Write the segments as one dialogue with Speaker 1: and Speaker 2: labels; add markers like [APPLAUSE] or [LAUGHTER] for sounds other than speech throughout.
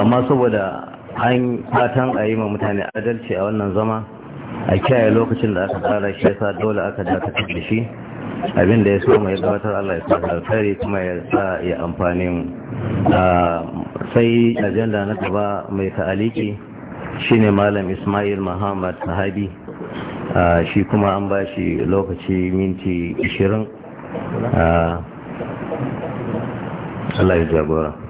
Speaker 1: amma saboda an fatan a yi ma mutane adalci a wannan zama a kiyaye lokacin da aka tsara shi yasa dole aka dakatar da shi abin da ya so mai gabatar Allah ya sa alkhairi kuma ya sa ya amfanin sai ajanda na gaba mai ta'aliki shine malam Ismail Muhammad Sahabi shi kuma an ba shi lokaci minti 20 Allah ya jagora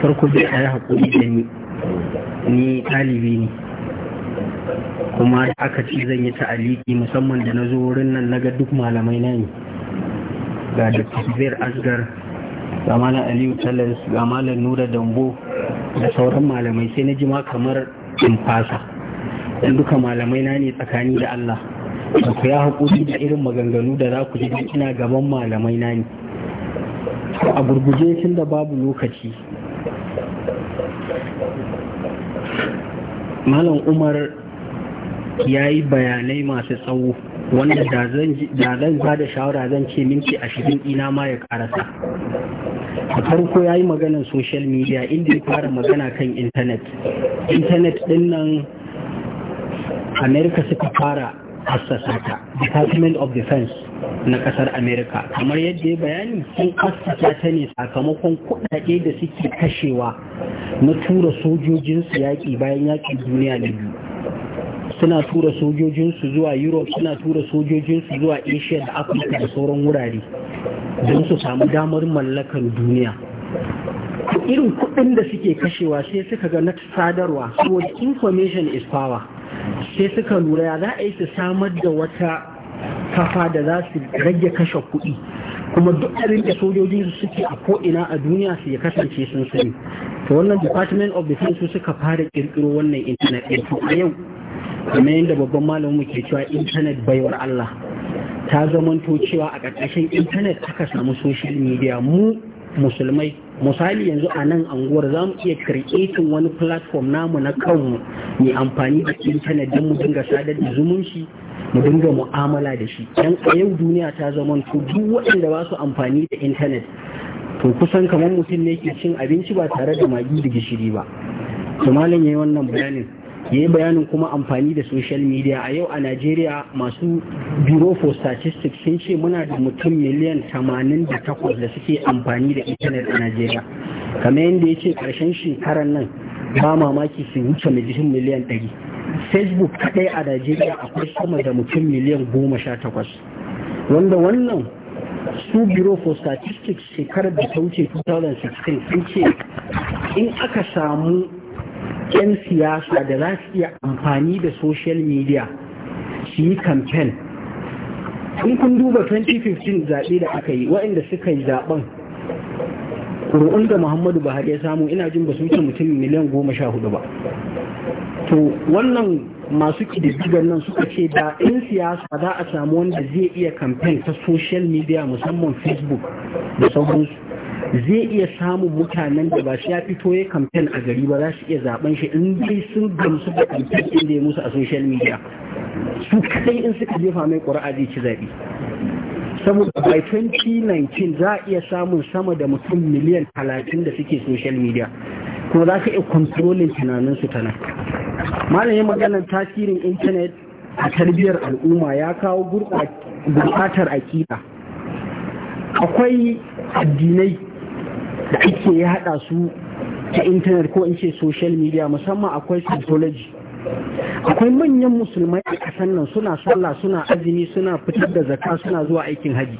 Speaker 2: farko zai a yi haƙuri da ni ni ɗalibi ne kuma da aka ci zan yi ta'aliki musamman da na zo wurin nan na ga duk malamai na ne ga da tafiyar asgar ga malam aliyu talas ga malam nura dambo da sauran malamai sai na ji ma kamar in fasa dan duka malamai na ne tsakani da allah da ku ya haƙuri da irin maganganu da za ku ji ina gaban malamai na ne a gurguje tun da babu lokaci malam umar ya yi bayanai masu tsawo wanda da zan ba da shawara zan ce minti ashirin ina ma ya karasa a farko ya yi maganar social media inda ya fara magana kan intanet intanet din nan america suka fara hassasa ta department of defense na kasar amerika kamar yadda ya bayani sun kasata ta ne sakamakon kudade da suke kashewa na tura sojojinsu yaƙi bayan yaƙi duniya na biyu suna tura sojojinsu zuwa europe suna tura sojojinsu zuwa asia da afirka da sauran wurare don su samu damar mallakar duniya irin kudin da suke kashewa sai suka ga na sadarwa so information is power sai suka lura ya za a yi su samar da wata kafa da za su rage kashe kuɗi kuma duk abin da sojoji su suke a ko'ina a duniya su ya kasance sun sani to wannan department of defense su suka fara kirkiro wannan internet din a yau kamar yadda babban malamin mu ke cewa internet baiwar Allah ta zamanto cewa a ƙarƙashin internet aka samu social media mu musulmai misali yanzu a nan anguwar za mu iya creating wani platform namu na kanmu mai amfani da intanet don mu dinga sadar da zumunci mu dinga mu'amala da shi Don a yau duniya ta zama to duk waɗanda ba su amfani da intanet to kusan kamar mutum ne ke cin abinci ba tare da magi da gishiri ba to malam yayi wannan bayanin ya yi bayanin kuma amfani da social media a yau a najeriya masu bureau for statistics sun ce muna da mutum miliyan 88 da da suke amfani da intanet a najeriya kamar yadda ya ce karshen shekarar nan ba mamaki su wuce mutum miliyan 100 facebook kadai a najeriya akwai sama da mutum miliyan 18 wanda wannan su bureau for statistics shekarar da ta wuce 2016 sun ce in aka samu 'yan siyasa da za su iya amfani da social media su yi kamfen in kun duba 2015 zaɓe da aka yi waɗanda suka yi zaɓen ƙuri'un da muhammadu buhari ya samu ina jin ba su wuce mutum miliyan goma sha hudu ba to wannan masu ƙididdigar nan suka ce da 'yan siyasa za a samu wanda zai iya kamfen ta social media musamman facebook da sauransu zai iya samun mutanen da ba shi ya fito ya kamfen a gari ba za su iya zaben shi in dai sun gamsu da kamfen ɗin da ya musu a social media su kadai in suka jefa mai ƙura'a zai ci zaɓi saboda by 2019 za a iya samun sama da mutum miliyan 30 da suke social media kuma za ka iya kontrolin tunaninsu ta nan malamin maganar tasirin intanet a tarbiyyar al'umma ya kawo gurɓatar aƙida akwai addinai da ake ya haɗa su ta intanet ko in ce social media musamman akwai psychology akwai manyan musulmai a kasan nan suna sallah suna azumi suna fitar da zakka suna zuwa aikin haji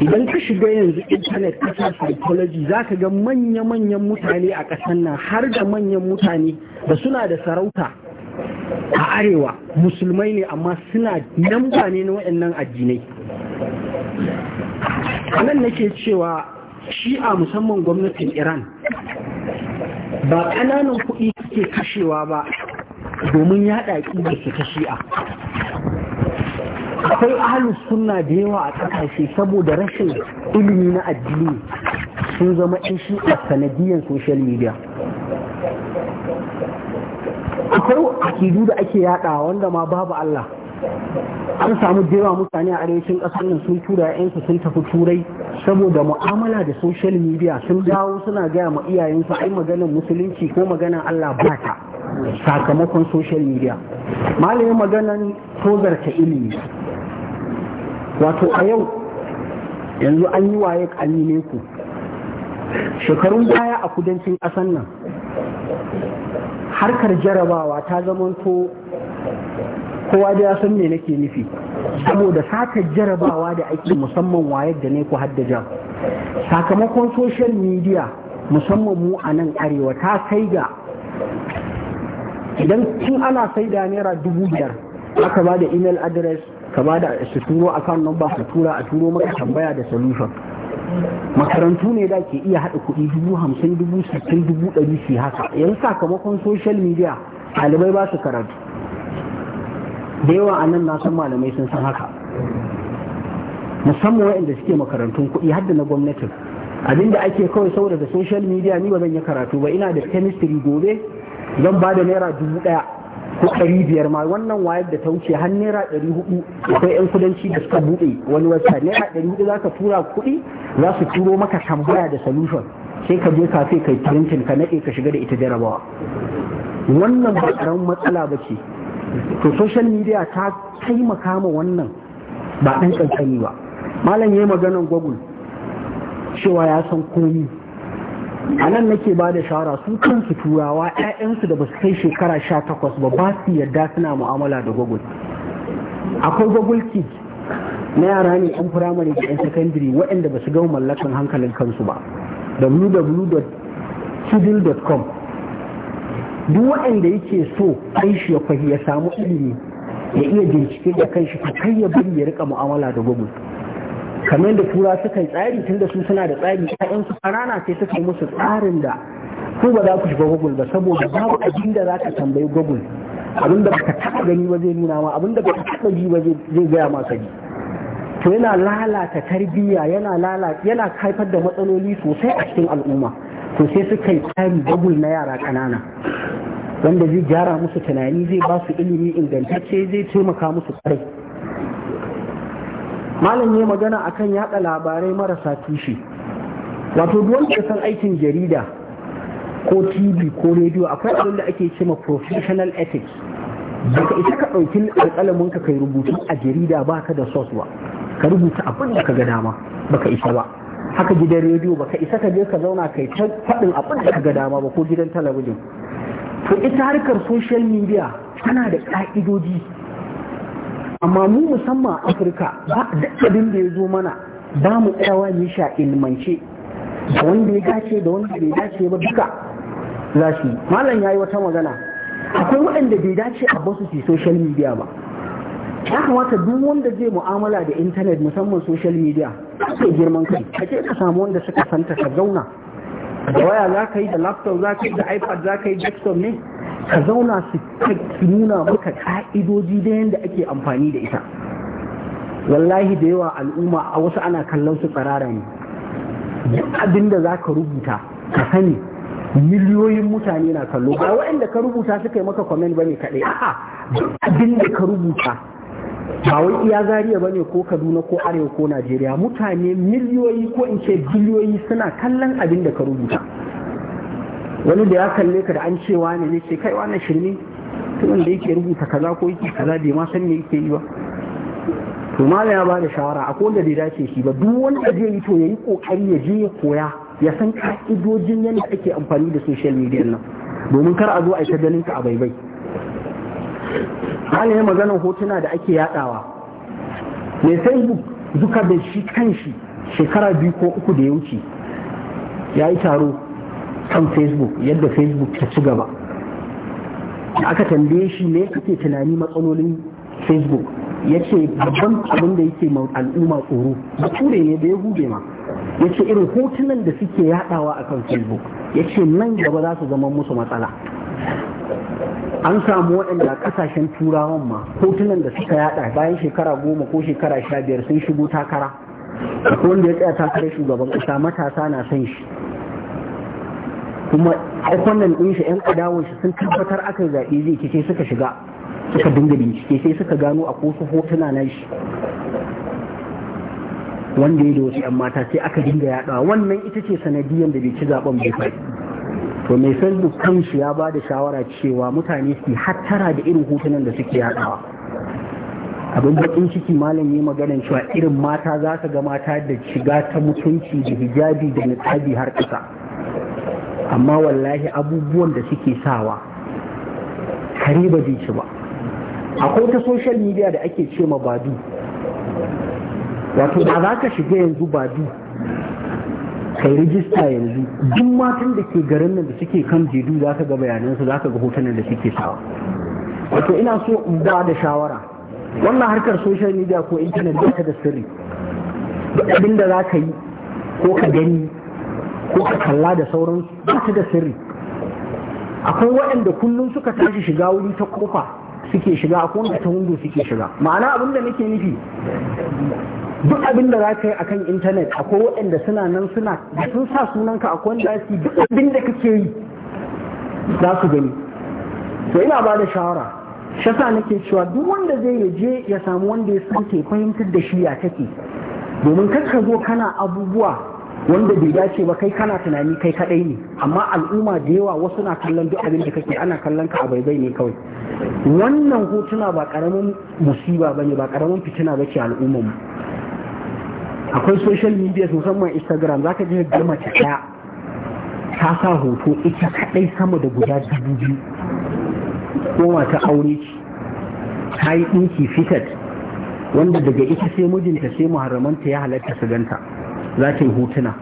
Speaker 2: idan ka shiga yanzu intanet kasar psychology za ka ga manya-manyan mutane a kasan nan har da manyan mutane da suna da sarauta a arewa musulmai ne amma suna namba ne na waɗannan addinai nan nake cewa shi'a musamman gwamnatin iran ba ƙananan kuɗi suke kashewa ba domin yaɗa ƙidarsu ta shi'a akwai ahalus sunna da yawa a ƙasashe saboda rashin ilimi na addini sun zama ɗan shi'a sanadiyyar social media akwai akidu da ake yaɗa wanda ma babu Allah an samu dewa mutane a arewacin ƙasar nan sun tura yayansu sun tafi turai saboda mu'amala da social media sun dawo suna gaya ma iyayensu ai maganar musulunci ko maganar Allah ba ta sakamakon social media malamin maganar tozarta ilimi wato a yau yanzu an yi waye kalmine ku
Speaker 3: shekarun baya
Speaker 2: a kudancin ƙasar nan harkar jarabawa ta zamanto kowa da ya san me nake nufi saboda saka jarabawa da ake musamman wayar da ne ku haddaja sakamakon social media musamman mu a nan arewa ta kai ga idan tun ana sai da naira dubu biyar aka ba da email address ka ba da su turo account number su tura a turo maka tambaya da solution makarantu ne da ke iya haɗa kuɗi dubu hamsin dubu sittin dubu ɗari su haka yanzu sakamakon social media ɗalibai ba su karatu da yawa a nan na san malamai sun san haka musamman waɗanda suke makarantun kuɗi har na gwamnatin abinda ake kawai saboda da social media ni ba zan yi karatu ba ina da chemistry gobe zan ba da naira dubu ɗaya ko ɗari biyar ma wannan wayar da ta wuce har naira ɗari hudu akwai yan kudanci da suka buɗe wani wata naira ɗari hudu za ka tura kuɗi za su turo maka tambaya da solution sai ka je kafe kai printing ka naɗe ka shiga da ita jarabawa wannan ba ƙaramin matsala ba ce to social media ta taimaka ma wannan ba ɗan ƙanƙani ba malam ya yi maganan google cewa ya san komi a nan nake ba da shawara su kansu turawa 'ya'yansu da ba su kai shekara sha takwas ba ba su yarda suna mu'amala da google akwai google kids na yara ne 'yan firamare da 'yan sakandire, waɗanda ba su gama mallakan hankalin kansu ba www.kidil.com duk waɗanda yake so kai shi ya fahi ya samu ilimi ya iya bincike da kai shi kai ya bari ya rika mu'amala da google kamar da tura suka tsari tun da su suna da tsari ƴaƴan su rana sai suka musu tsarin da ko ba za ku shiga google ba saboda babu abin da za ka tambayi google abin da baka taɓa gani ba zai nuna ma abin da baka taɓa ji ba zai gaya ma ka ji to yana lalata tarbiyya yana lalata yana haifar da matsaloli sosai a cikin al'umma to sai suka yi tsari dagul na yara ƙanana wanda zai gyara musu tunani zai ba su ilimi ingantacce zai taimaka musu kwarai malam ya magana a kan yatsa labarai marasa tushe wato ya san aikin jarida ko tv ko rediyo akwai abin da ake ce ma professional ethics baka isa ka ɗauki alƙalamin ka kai rubutu a jarida baka da source ba ka rubuta abin da ka ga dama baka isa ba haka gidan rediyo ba ka isa ka je ka zauna kai ta faɗin abin da dama ba ko gidan talabijin to ita harkar social media tana da ƙa'idoji amma mu musamman afirka ba duk abin da ya zo mana ba mu tsayawa ne sha ilmance da wanda ya dace da wanda bai dace ba duka za su yi malam ya yi wata magana akwai waɗanda bai dace a basu su social media ba ya kamata duk wanda zai mu'amala da intanet musamman social media sai girman kai kake ka samu wanda suka santa ka zauna da waya za ka yi da laptop za ka yi da ipad za ka yi desktop ne ka zauna su nuna maka ka'idoji da yadda ake amfani da ita wallahi da yawa al'umma a wasu ana kallon su tsarara ne duk abin da za ka rubuta ka sani miliyoyin mutane na kallo ba waɗanda ka rubuta suka yi maka kwamen ba ne kaɗai a'a
Speaker 3: duk abin da ka
Speaker 2: rubuta ba wai iya zariya bane ko kaduna ko arewa ko najeriya mutane miliyoyi ko in ce biliyoyi suna kallon abin da ka rubuta wani da ya kalle ka da an cewa ne ne ce kai wannan shirme tun wanda yake rubuta kaza ko yake kaza bai ma san me yake yi ba to ma ya ba da shawara akwai wanda bai dace shi ba duk wanda zai yi to yayi kokari ya je ya koya ya san ka'idojin yadda ake amfani da social media nan domin kar a zo a yi ta ganin ka a baibai halaye maganin hotuna da ake yaɗawa? mai facebook duka da shi kan shi shekara biyu ko uku da ya wuce ya yi taro kan facebook yadda facebook ta ci gaba aka tambaye shi ne kake tunani matsalolin facebook ya ce babban abin da yake ma al'umma tsoro da ture ne da ya hude ma ya ce irin hotunan da suke yaɗawa a kan facebook ya ce nan gaba za su zama musu matsala an samu waɗanda ƙasashen turawan ma hotunan da suka yada bayan shekara goma ko shekara sha biyar sun shigo takara wanda ya tsaya takarar shugaban ƙasa matasa na san shi kuma ɗakwannan ɗin shi 'yan adawar shi sun tabbatar aka zaɓe zai ce suka shiga suka dinga bincike sai suka gano a kosu hotuna na shi wanda ya da wasu 'yan mata sai aka dinga yaɗawa wannan ita ce sanadiyar da bai ci zaɓen bai to mai facebook kanshi ya ba da shawara cewa mutane su hattara da irin hotunan da suke yadawa abin bakin ciki malam yi maganan cewa irin mata za ka ga mata da shiga ta mutunci da hijabi da nitsabi har kasa amma wallahi abubuwan da suke sawa kare ba ci ba akwai ta social media da ake ce ma badu wato ba za ka shiga yanzu badu kai rijista yanzu duk matan da ke garin nan da suke kan jidu za ka ga bayanansu za ka ga hotunan da suke sawa wato ina so in ba da shawara wannan harkar social media ko intanet ba ta da sirri abin da za ka yi ko ka gani ko ka kalla da sauransu ba ta da sirri akwai waɗanda kullum suka tashi shiga wuri ta kofa suke shiga akwai wanda ta windo suke shiga ma'ana abin da nake nufi duk abin da za ka yi akan intanet akwai waɗanda suna nan suna da sun sa sunanka akwai wanda su duk abin da kake yi za su gani to ina ba da shawara shasa nake cewa duk wanda zai je ya samu wanda ya san ke fahimtar da shi ya take domin kar ka zo kana abubuwa wanda bai dace ba kai kana tunani kai kadai ne amma al'umma da yawa wasu na kallon duk abin da kake ana kallon ka a baibai ne kawai wannan hotuna ba karamin musiba bane ba karamin fitina bace al'ummar mu akwai social media musamman instagram za ka je ga mace ta ta sa hoto ita kadai sama da guda dubu biyu ko ta aure ce ta yi ɗinki fitat wanda daga ita sai mijinta sai muharramanta ya halatta su ganta za ta yi hotuna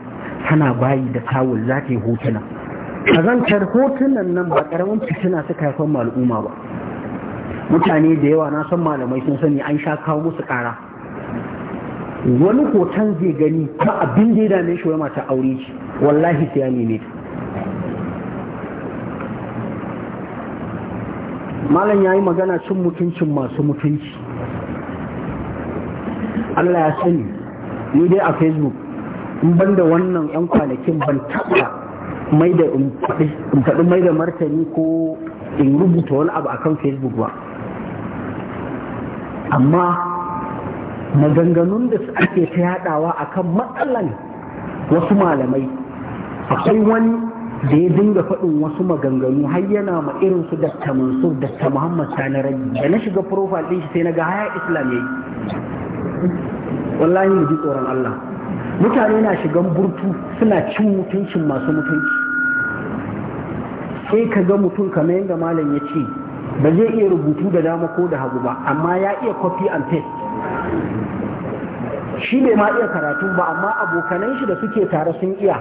Speaker 2: tana bayi da tawul za ta yi hotuna kazantar hotunan nan ba karamin fitina suka haifar al'umma ba mutane da yawa na san malamai sun sani an sha kawo musu ƙara. wani hoton zai gani ba abin da ya dame shi wai mata aure shi, wallahi sai ya ne ta malam ya yi magana cin mutuncin masu mutunci allah ya sani ni dai a facebook in banda wannan 'yan kwanakin ban taɓa mai da in faɗi mai da martani ko in rubuta wani abu akan facebook ba amma maganganun da ake ta yadawa akan matsalan wasu malamai akwai wani da ya dinga faɗin wasu maganganu har yana ma irin su dakta mansur dakta muhammad sani rabi da na shiga profile ɗin shi sai na ga haya islam yayi wallahi mu ji tsoron allah mutane na shigan burtu suna cin mutuncin masu mutunci sai ka ga mutum kamar yadda malam ya ce ba zai iya rubutu da dama ko da hagu ba amma ya iya copy and paste shi bai ma iya karatu ba amma abokanan shi da suke tare sun iya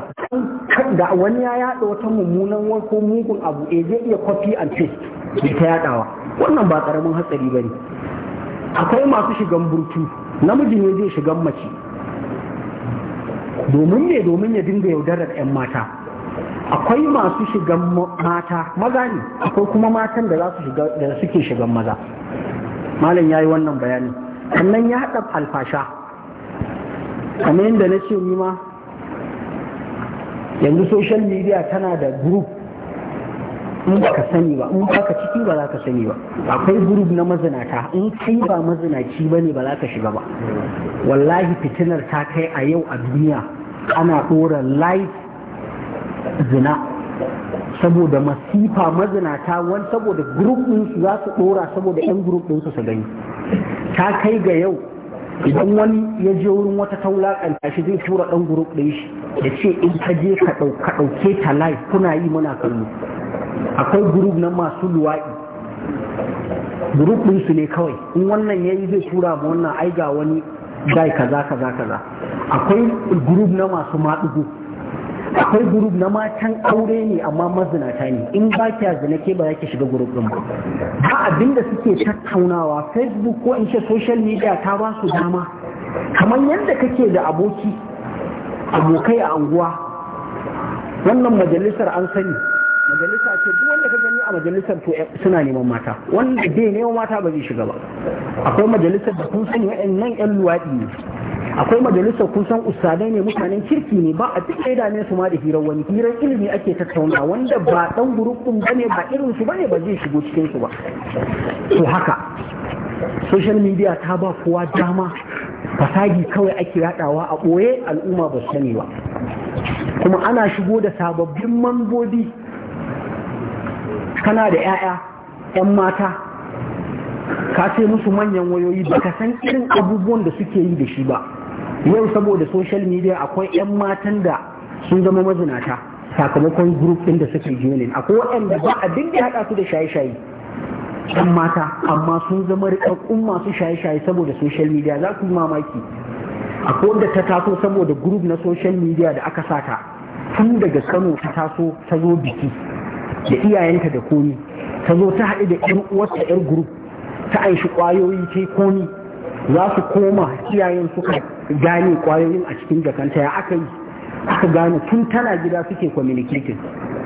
Speaker 2: da wani ya yada wata mummunan ko mugun abu e zai iya copy and paste ke ta yadawa wannan ba karamin hatsari ba ne akwai masu shigan burtu namiji ne zai shigan mace domin ne domin ya dinga yaudarar 'yan mata akwai masu shigan mata maza ne akwai kuma matan da suke shigan maza malam yayi wannan bayanin. sannan ya haɗa alfasha kamar yadda na ce ni ma yanzu social media tana da group in ba ka sani ba in ka ciki ba za ka sani ba akwai group na mazinata in kai ba mazinaci ba ne ba za ka shiga ba wallahi fitinar ta kai a yau a duniya ana ɗora live zina saboda masifa mazinata wani saboda group ɗinsu za su ɗora saboda 'yan group ɗinsu su gani ta kai ga yau idan wani ya je wurin wata taulakanta shi zai tura ɗan guruf ɗin shi da ce in ka je ka ɗauke ta live kuna yi muna kallo akwai guruf na masu luwaɗi din su ne kawai in wannan ya yi zai tura ma wannan ai ga wani gai kaza kaza kaza akwai guruf na masu maɗugo akwai gurub na matan aure ne amma mazinata ne in ba ki zina ke ba za ki shiga gurub din ba ba abinda suke tattaunawa facebook ko in ce social media ta ba su dama kamar yadda kake da aboki abokai a anguwa wannan majalisar an sani majalisa ce
Speaker 3: duk wanda ka gani
Speaker 2: a majalisar to eh, suna neman mata wanda bai neman mata ba zai shiga ba akwai majalisar da kun sani wa'annan yan luwaɗi ne akwai majalisar kusan usadai ne mutanen kirki ne ba a duk ne su ma da hirar wani hirar ilimi ake tattauna wanda ba dan gurubun bane ba irin su bane ba zai shigo cikin su ba to haka social media ta ba kowa dama fasagi kawai ake yadawa a boye al'umma ba sani ba kuma ana shigo da sababbin mambobi kana da 'ya'ya 'yan mata ka ce musu manyan wayoyi ba ka san irin abubuwan da suke yi da shi ba yau saboda social media akwai 'yan matan da sun zama mazinata sakamakon group ɗin da suke joinin akwai waɗanda ba a dinga haɗa su da shaye-shaye yan mata amma sun zama rikakkun masu shaye-shaye saboda social media za yi mamaki akwai wanda ta taso saboda group na social media da aka sata tun daga kano ta taso ta zo biki da iyayenta da komi ta zo ta haɗu da 'yan uwarta 'yar group ta aishi ƙwayoyi ta komi za su koma kiyayen suka gane kwayoyin a cikin jakanta ya aka yi aka gane tun tana gida suke communicating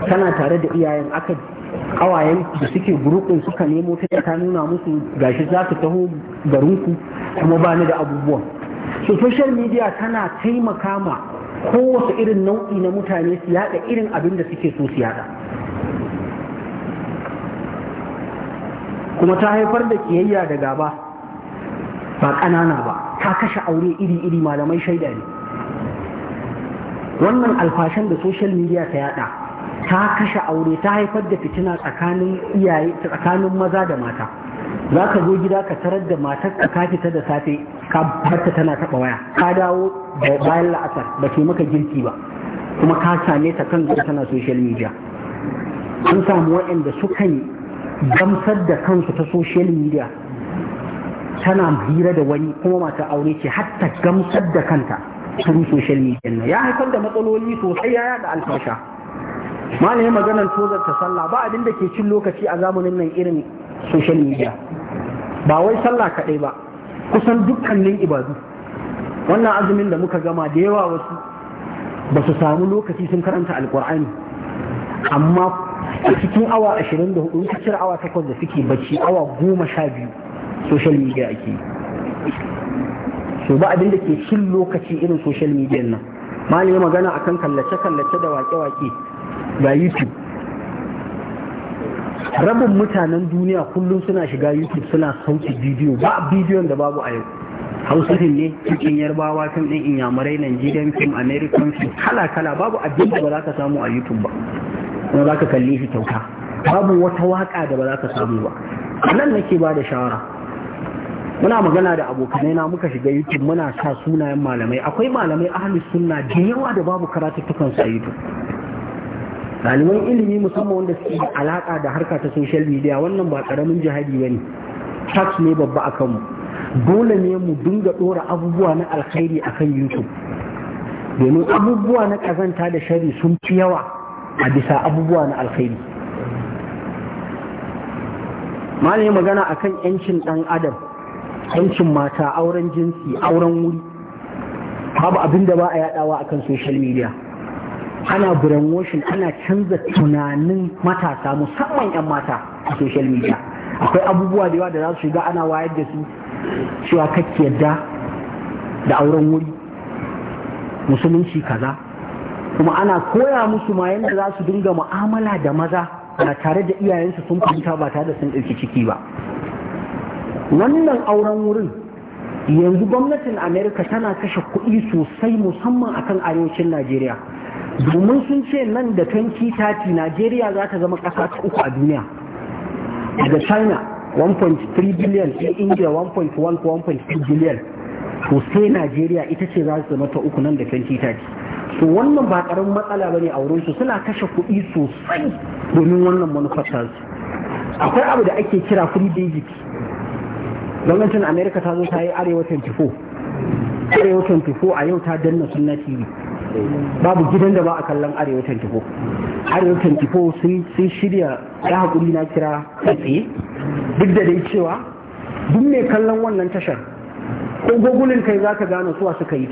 Speaker 2: tana tare da iyayen aka kawayen da suke gurukun suka nemo ta ta nuna musu gashi za su taho garinku kuma ba ni da abubuwan so social media tana taimaka ma kowace irin nau'i na mutane su yada irin abin da suke so su yada kuma ta haifar da kiyayya da gaba ba ƙanana ba ta kashe aure iri-iri malamai shaida ne wannan alfashan da social media ta yada ta kashe aure ta haifar da fitina tsakanin iyaye tsakanin maza da mata za ka zo gida ka tarar da matar ka kafi fita da safe ka barta tana taba waya ka dawo da bayan la'asar ba ke maka girki ba kuma ka same ta kan tana social media sun samu waɗanda sukan gamsar da kansu ta social media tana hira da wani kuma mata aure ce hatta gamsar da kanta through social media ya haifar da matsaloli sosai ya yada alfasha malamin maganar tozar ta sallah ba abin da ke cin lokaci a zamanin nan irin social media ba wai sallah kaɗai ba kusan dukkanin ibadu wannan azumin da muka gama da yawa wasu ba su samu lokaci sun karanta alkur'ani amma a cikin awa 24 in cire awa 8 da suke bacci awa 12 social media ake yi so ba abin da ke cin lokaci irin social media nan malami magana akan kallace-kallace da wake-wake ga youtube rabin mutanen duniya kullum suna shiga youtube suna sauki bidiyo ba bidiyon da babu a yau hausufin ne cikin yarbawa kan ɗin inyamurai nigerian film american film kala-kala babu abin da ba za ka samu a youtube ba kuma za ka kalli shi kyauta babu wata waka da ba za ka samu ba nan nake ba da shawara muna magana da abokanai na muka shiga youtube muna sa sunayen malamai akwai malamai ahli sunna da yawa da babu karatuttukan su a youtube ɗaliban ilimi musamman wanda suke da alaƙa da harka ta social media wannan ba ƙaramin jihadi ba ne tax ne babba a kanmu dole ne mu dinga ɗora abubuwa na alkhairi a kan youtube domin abubuwa na kazanta da shari sun fi yawa a bisa abubuwa na alkhairi malamin magana akan 'yancin ɗan adam yancin mata auren jinsi auren wuri babu abin da ba a yadawa akan social media ana brainwashing ana canza tunanin matasa musamman 'yan mata a social media akwai abubuwa da yawa da za su shiga ana wayar da su cewa kake yadda da auren wuri musulunci kaza kuma ana koya musu ma yadda za su dinga mu'amala da maza ba tare da iyayensu sun fahimta ba tare da sun ɗauki ciki ba wannan auren wurin yanzu gwamnatin amerika tana kashe kuɗi sosai musamman akan arewacin najeriya domin sun ce nan da 2030 najeriya za ta zama ƙasa ta uku a duniya daga china 1.3 billion sai india 1.1 1.2 billion to sai najeriya ita ce za su zama ta uku nan da 2030 to wannan ba ƙaramin matsala ba ne a wurinsu suna kashe kuɗi sosai domin wannan manufatarsu akwai abu da ake kira free digit gwamnatin amerika ta zo ta yi arewa 24 arewa 24 a yau ta danna sunna tv babu gidan da ba a kallon arewa 24 arewa 24 sun shirya ya haƙuri na kira tsaye duk da dai cewa duk mai kallon wannan tashar ko gogulin kai za ka gano suwa suka yi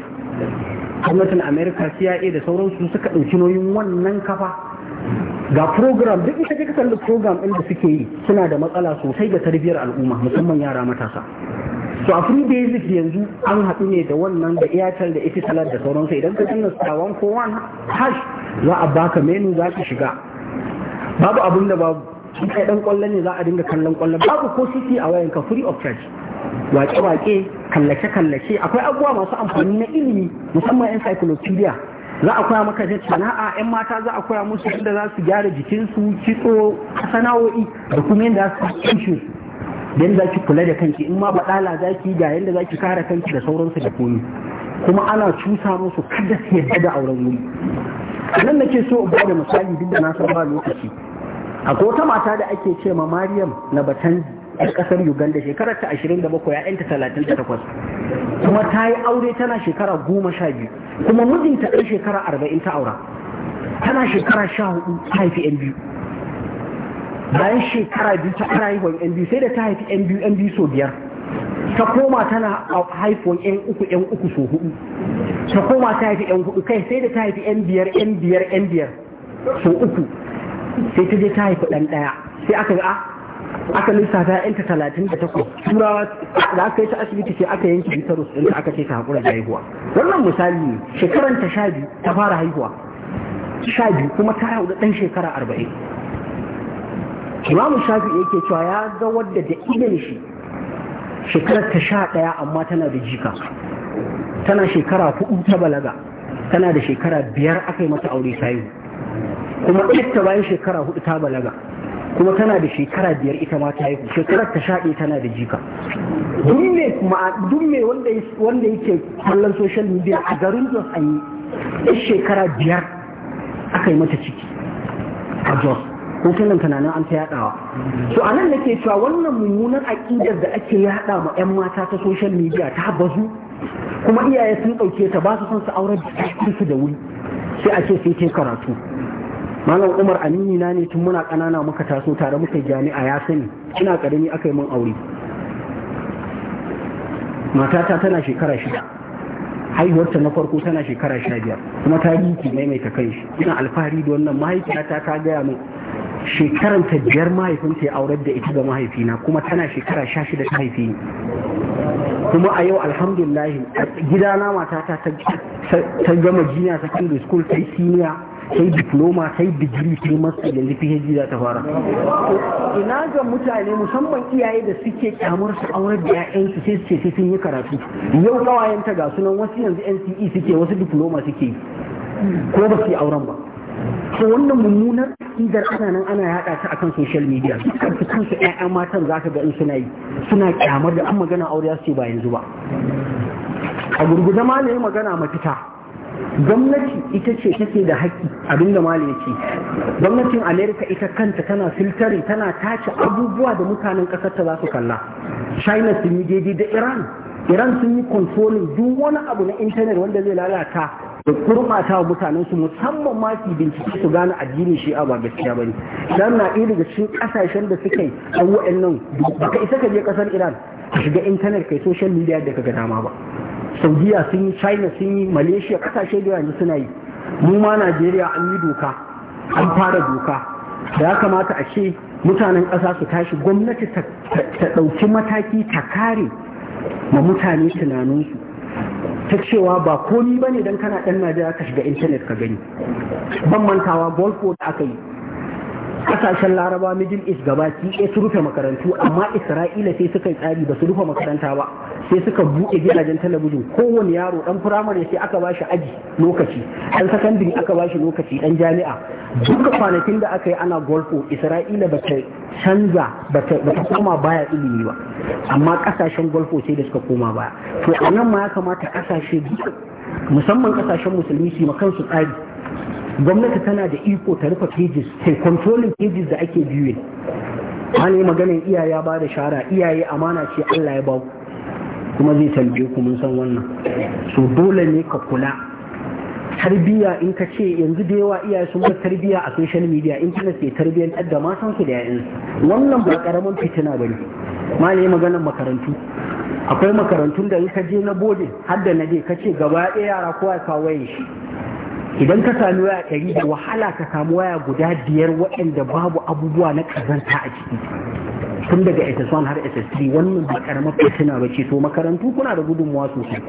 Speaker 2: gwamnatin amerika cia da sauransu suka ɗauki noyin wannan kafa ga program duk ita ka kalli program ɗin da suke yi suna da matsala sosai da tarbiyyar al'umma musamman yara matasa to a free basic yanzu an haɗu ne da wannan da iyatar da salar da sauransu idan ka canza star one hash za a baka menu za ka shiga babu abin da babu sun kai dan kwallon ne za a dinga kallon kwallon babu ko city a wayanka free of charge wake-wake kallace-kallace akwai abubuwa masu amfani na ilimi musamman 'yan encyclopedia za a koya maka da sana'a yan mata za a koya musu inda za su gyara jikinsu kitso sana'o'i da kuma yadda za su kishin da yadda za ki kula da kanki in ma baɗala za ki ga yadda za ki kare kanki da sauransu da komi kuma ana cusa musu kada su yadda da auren wuri nan nake so in bada misali duk da na san ba lokaci akwai wata mata da ake ce ma mariam na Batanzi a kasar uganda shekarar ta 27 ya'yanta 38 kuma ta yi aure tana shekara 12 kuma mijinta ɗan shekara 40 ta aura tana shekara 14 ta haifi yan biyu bayan shekara biyu ta ara haihuwan yan biyu sai da ta haifi yan biyu yan biyu so biyar ta koma tana haifuwan yan uku yan uku so hudu ta koma ta haifi yan hudu kai sai da ta haifi yan biyar yan biyar yan biyar so uku sai ta je ta haifi ɗan ɗaya sai aka ga ah, aka lissafa yanta talatin da takwas turawa da aka yi ta asibiti ce aka yanke bitarus ɗinta aka ce ta haƙura da haihuwa wannan misali ne shekaran ta sha biyu ta fara haihuwa sha biyu kuma ta yau da ɗan shekara arba'in imamu shafi yake cewa ya ga wadda da idan shi shekarar ta sha ɗaya amma tana da jika tana shekara hudu ta balaga tana da shekara biyar aka yi mata aure ta kuma ita bayan shekara hudu ta balaga kuma tana da shekara biyar ita ma ta haihu shekarar ta shaɗe tana da jika duk me wanda yake kallon social media a garin jos an yi shekara biyar aka yi mata ciki a jos tana tunanin an ta yaɗawa so a nan nake cewa wannan mummunan aƙidar da ake yaɗa ma 'yan mata ta social media ta bazu kuma iyaye sun ɗauke ta ba su son su aurar da su da wuri sai a ce sai karatu malam umar amini na ne tun muna ƙanana muka taso tare muka jami'a ya sani ina karami aka yi min aure matata tana shekara shida haihuwarta na farko tana shekara sha biyar kuma ta yi mai maimaita kai shi ina alfahari da wannan mahaifiyata ta gaya min shekaran ta biyar mahaifinta ya aurar da ita ga mahaifina kuma tana shekara sha shida ta haifi ni kuma a yau alhamdulillah gidana matata ta gama kan da school ta yi siniya sai diploma sai digiri sai masu yanzu PhD za ta fara ina ga mutane musamman iyaye da suke kyamar su aurar da ƴaƴan su sai suke sun yi karatu yau kawayen ta ga sunan wasu yanzu NCE suke wasu diploma suke ko ba su yi auren ba to wannan mummunar idar ana nan ana yada ta akan social media kan kansu ƴaƴan matan za ka ga in suna yi suna kyamar da an magana aure su ce ba yanzu ba a gurgurda ma ne magana mafita gwamnati ita ce take da haƙƙi abinda mali yake gwamnatin amerika ita kanta tana filtering tana tace abubuwa da mutanen ƙasar ta za su kalla china sun yi daidai da iran iran sun yi controlling duk wani abu na intanet wanda zai lalata da kurmata wa mutanen su musamman ma su bincike su gane addini shi ba gaskiya ba ne dan na iri da cikin kasashen da suke an wa'annan baka isa ka je kasar iran ka shiga intanet kai social media da ka dama ba saudiya sun yi china sun yi malaysia kasashe da yanzu suna yi mu ma najeriya an yi doka an fara doka da ya kamata a ce mutanen ƙasa su tashi gwamnati ta ɗauki mataki ta kare ma mutane tunaninsu ta cewa ba komi ba ne don kana ɗan najeriya ka shiga intanet ka gani ban mantawa golfo da aka yi kasashen laraba middle east gabaki ɗaya su rufe makarantu amma isra'ila sai suka yi tsari ba su rufe makaranta ba sai suka buɗe gidajen talabijin kowane yaro ɗan firamare sai aka ba shi aji lokaci ɗan sakandare aka ba shi lokaci ɗan jami'a duka kwanakin da aka yi ana golfo isra'ila ba ta canza ba ta koma baya ilimi ba amma kasashen golfo sai da suka koma baya to a nan ma ya kamata kasashe duka musamman kasashen musulmi su ma kansu tsari gwamnati tana da iko ta rufe pages sai controlling pages da ake biyu ne maganin iyaye ba da shara iyaye amana ce Allah ya ba kuma zai tambaye ku mun san wannan so dole ne ka kula Tarbiyya in ka ce yanzu da yawa iyaye sun bar tarbiyya a social media internet sai tarbiyyar da san su da yayin wannan ba karaman fitina bane ma ne maganar makarantu akwai makarantun da ka je na bode har da na je ka ce gaba ɗaya yara kowa ya waye shi idan ka sami waya ɗari da wahala ka sami waya guda biyar waɗanda babu abubuwa na ƙazanta a ciki tun daga ss1 har ss3 wannan ba ƙaramar fitina ba ce to makarantu kuna da gudunmuwa sosai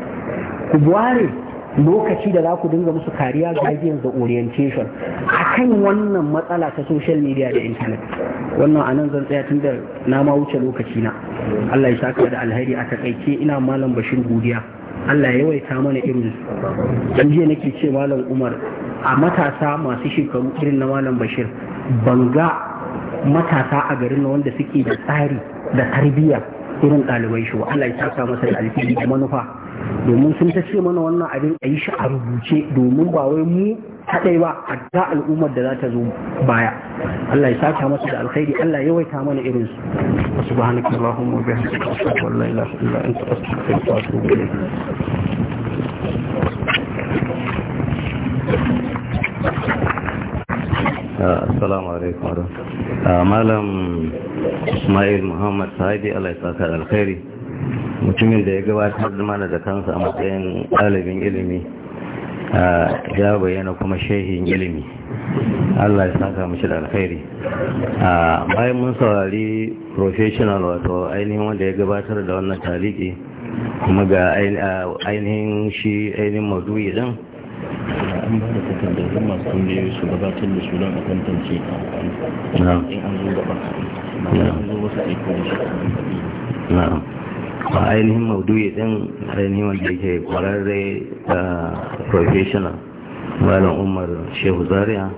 Speaker 2: ku ware lokaci da za ku dinga musu kariya guidance da orientation akan wannan matsala ta social media da intanet, wannan anan zan tsaya tun da na ma wuce lokaci na Allah ya saka da alheri a takaice ina malam Bashir godiya Allah ya yawaita mana irin dan jiya nake ce malam Umar a matasa masu shekaru irin na malam Bashir banga matasa a garin wanda suke da tsari da tarbiyya irin ɗalibai shi Allah ya saka masa da alheri da manufa domin sun ta ce mana wannan abin a yi shi a rubuce domin ba wai mu kaɗai ba a ta al'ummar da za ta zo baya Allah ya saka masu da alkhairi Allah ya yawaita mana irin su subhanaka allahumma wa bihamdika ashhadu an la ilaha illa anta astaghfiruka wa atubu ilayk
Speaker 1: assalamu alaikum uh, malam Ismail Muhammad Saidi Allah ya saka alkhairi mutumin da ya gabatar da mana da kansa a matsayin ɗalibin ilimi ya bayyana kuma shehin ilimi Allah ya saka mashi da alkhairi bayan mun saurari professional wato ainihin wanda ya gabatar da wannan taliki kuma ga ainihin shi ainihin Madu din an ba da takardun masu yi su gabatar da su don a tantance in an zo gaba in an
Speaker 3: zo wasu aiko da shi
Speaker 1: na'am ba ainihin maudu'i din ainihin wanda yake kwararre da professional malam umar shehu zaria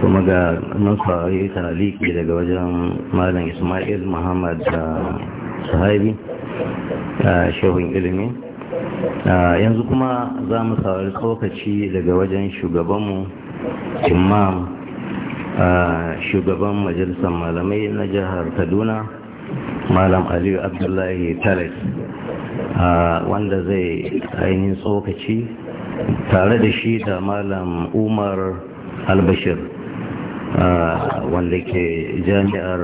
Speaker 1: kuma ga nan saurari taliki daga wajen malam ismail muhammad da sahabi shehun ilimi yanzu kuma za mu sauri tsokaci daga wajen shugabanmu imam shugaban majalisar malamai na jihar kaduna malam aliyu abdullahi talis wanda zai ainihin tsokaci tare da shi da malam umar albashir wanda ke jami'ar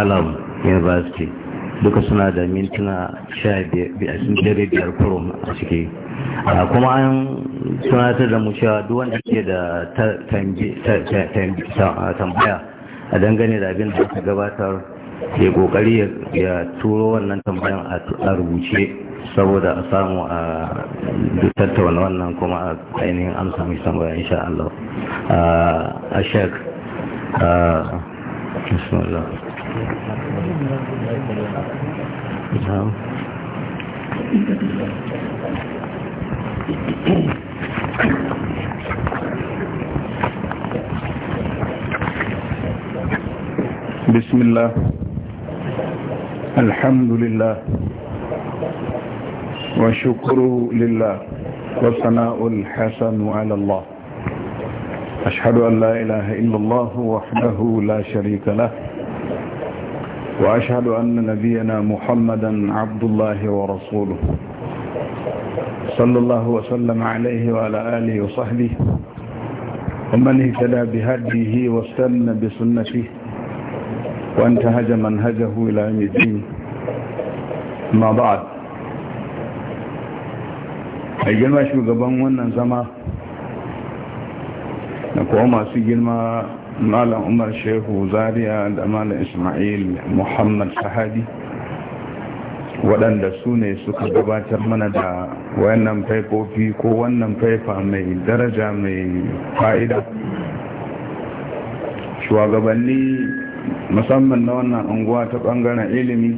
Speaker 1: alam university duka suna da mintuna sha biyar kurum a ciki kuma an tunatar da mu cewa duk wanda ke da tambaya a dangane da abin da aka gabatar ke kokari ya turo wannan tambayan a rubuce saboda a samu a tattauna wannan kuma a ainihin amsa mai tambaya insha Allah a shek a bismillah
Speaker 4: بسم الله الحمد لله وشكر لله والثناء الحسن على الله أشهد أن لا إله إلا الله وحده لا شريك له وأشهد أن نبينا محمدا عبد الله ورسوله صلى الله وسلم عليه وعلى آله وصحبه ومن اهتدى بهديه واستنى بسنته وانتهج manhaja إلى يوم الدين ما بعد ai girma shugaban wannan zama da kuma masu girma malam umar shehu zaria da malam ismail muhammad sahadi waɗanda su ne suka gabatar mana da wannan faifofi ko wannan faifa mai daraja mai fa'ida shugabanni musamman na wannan unguwa ta bangaren ilimi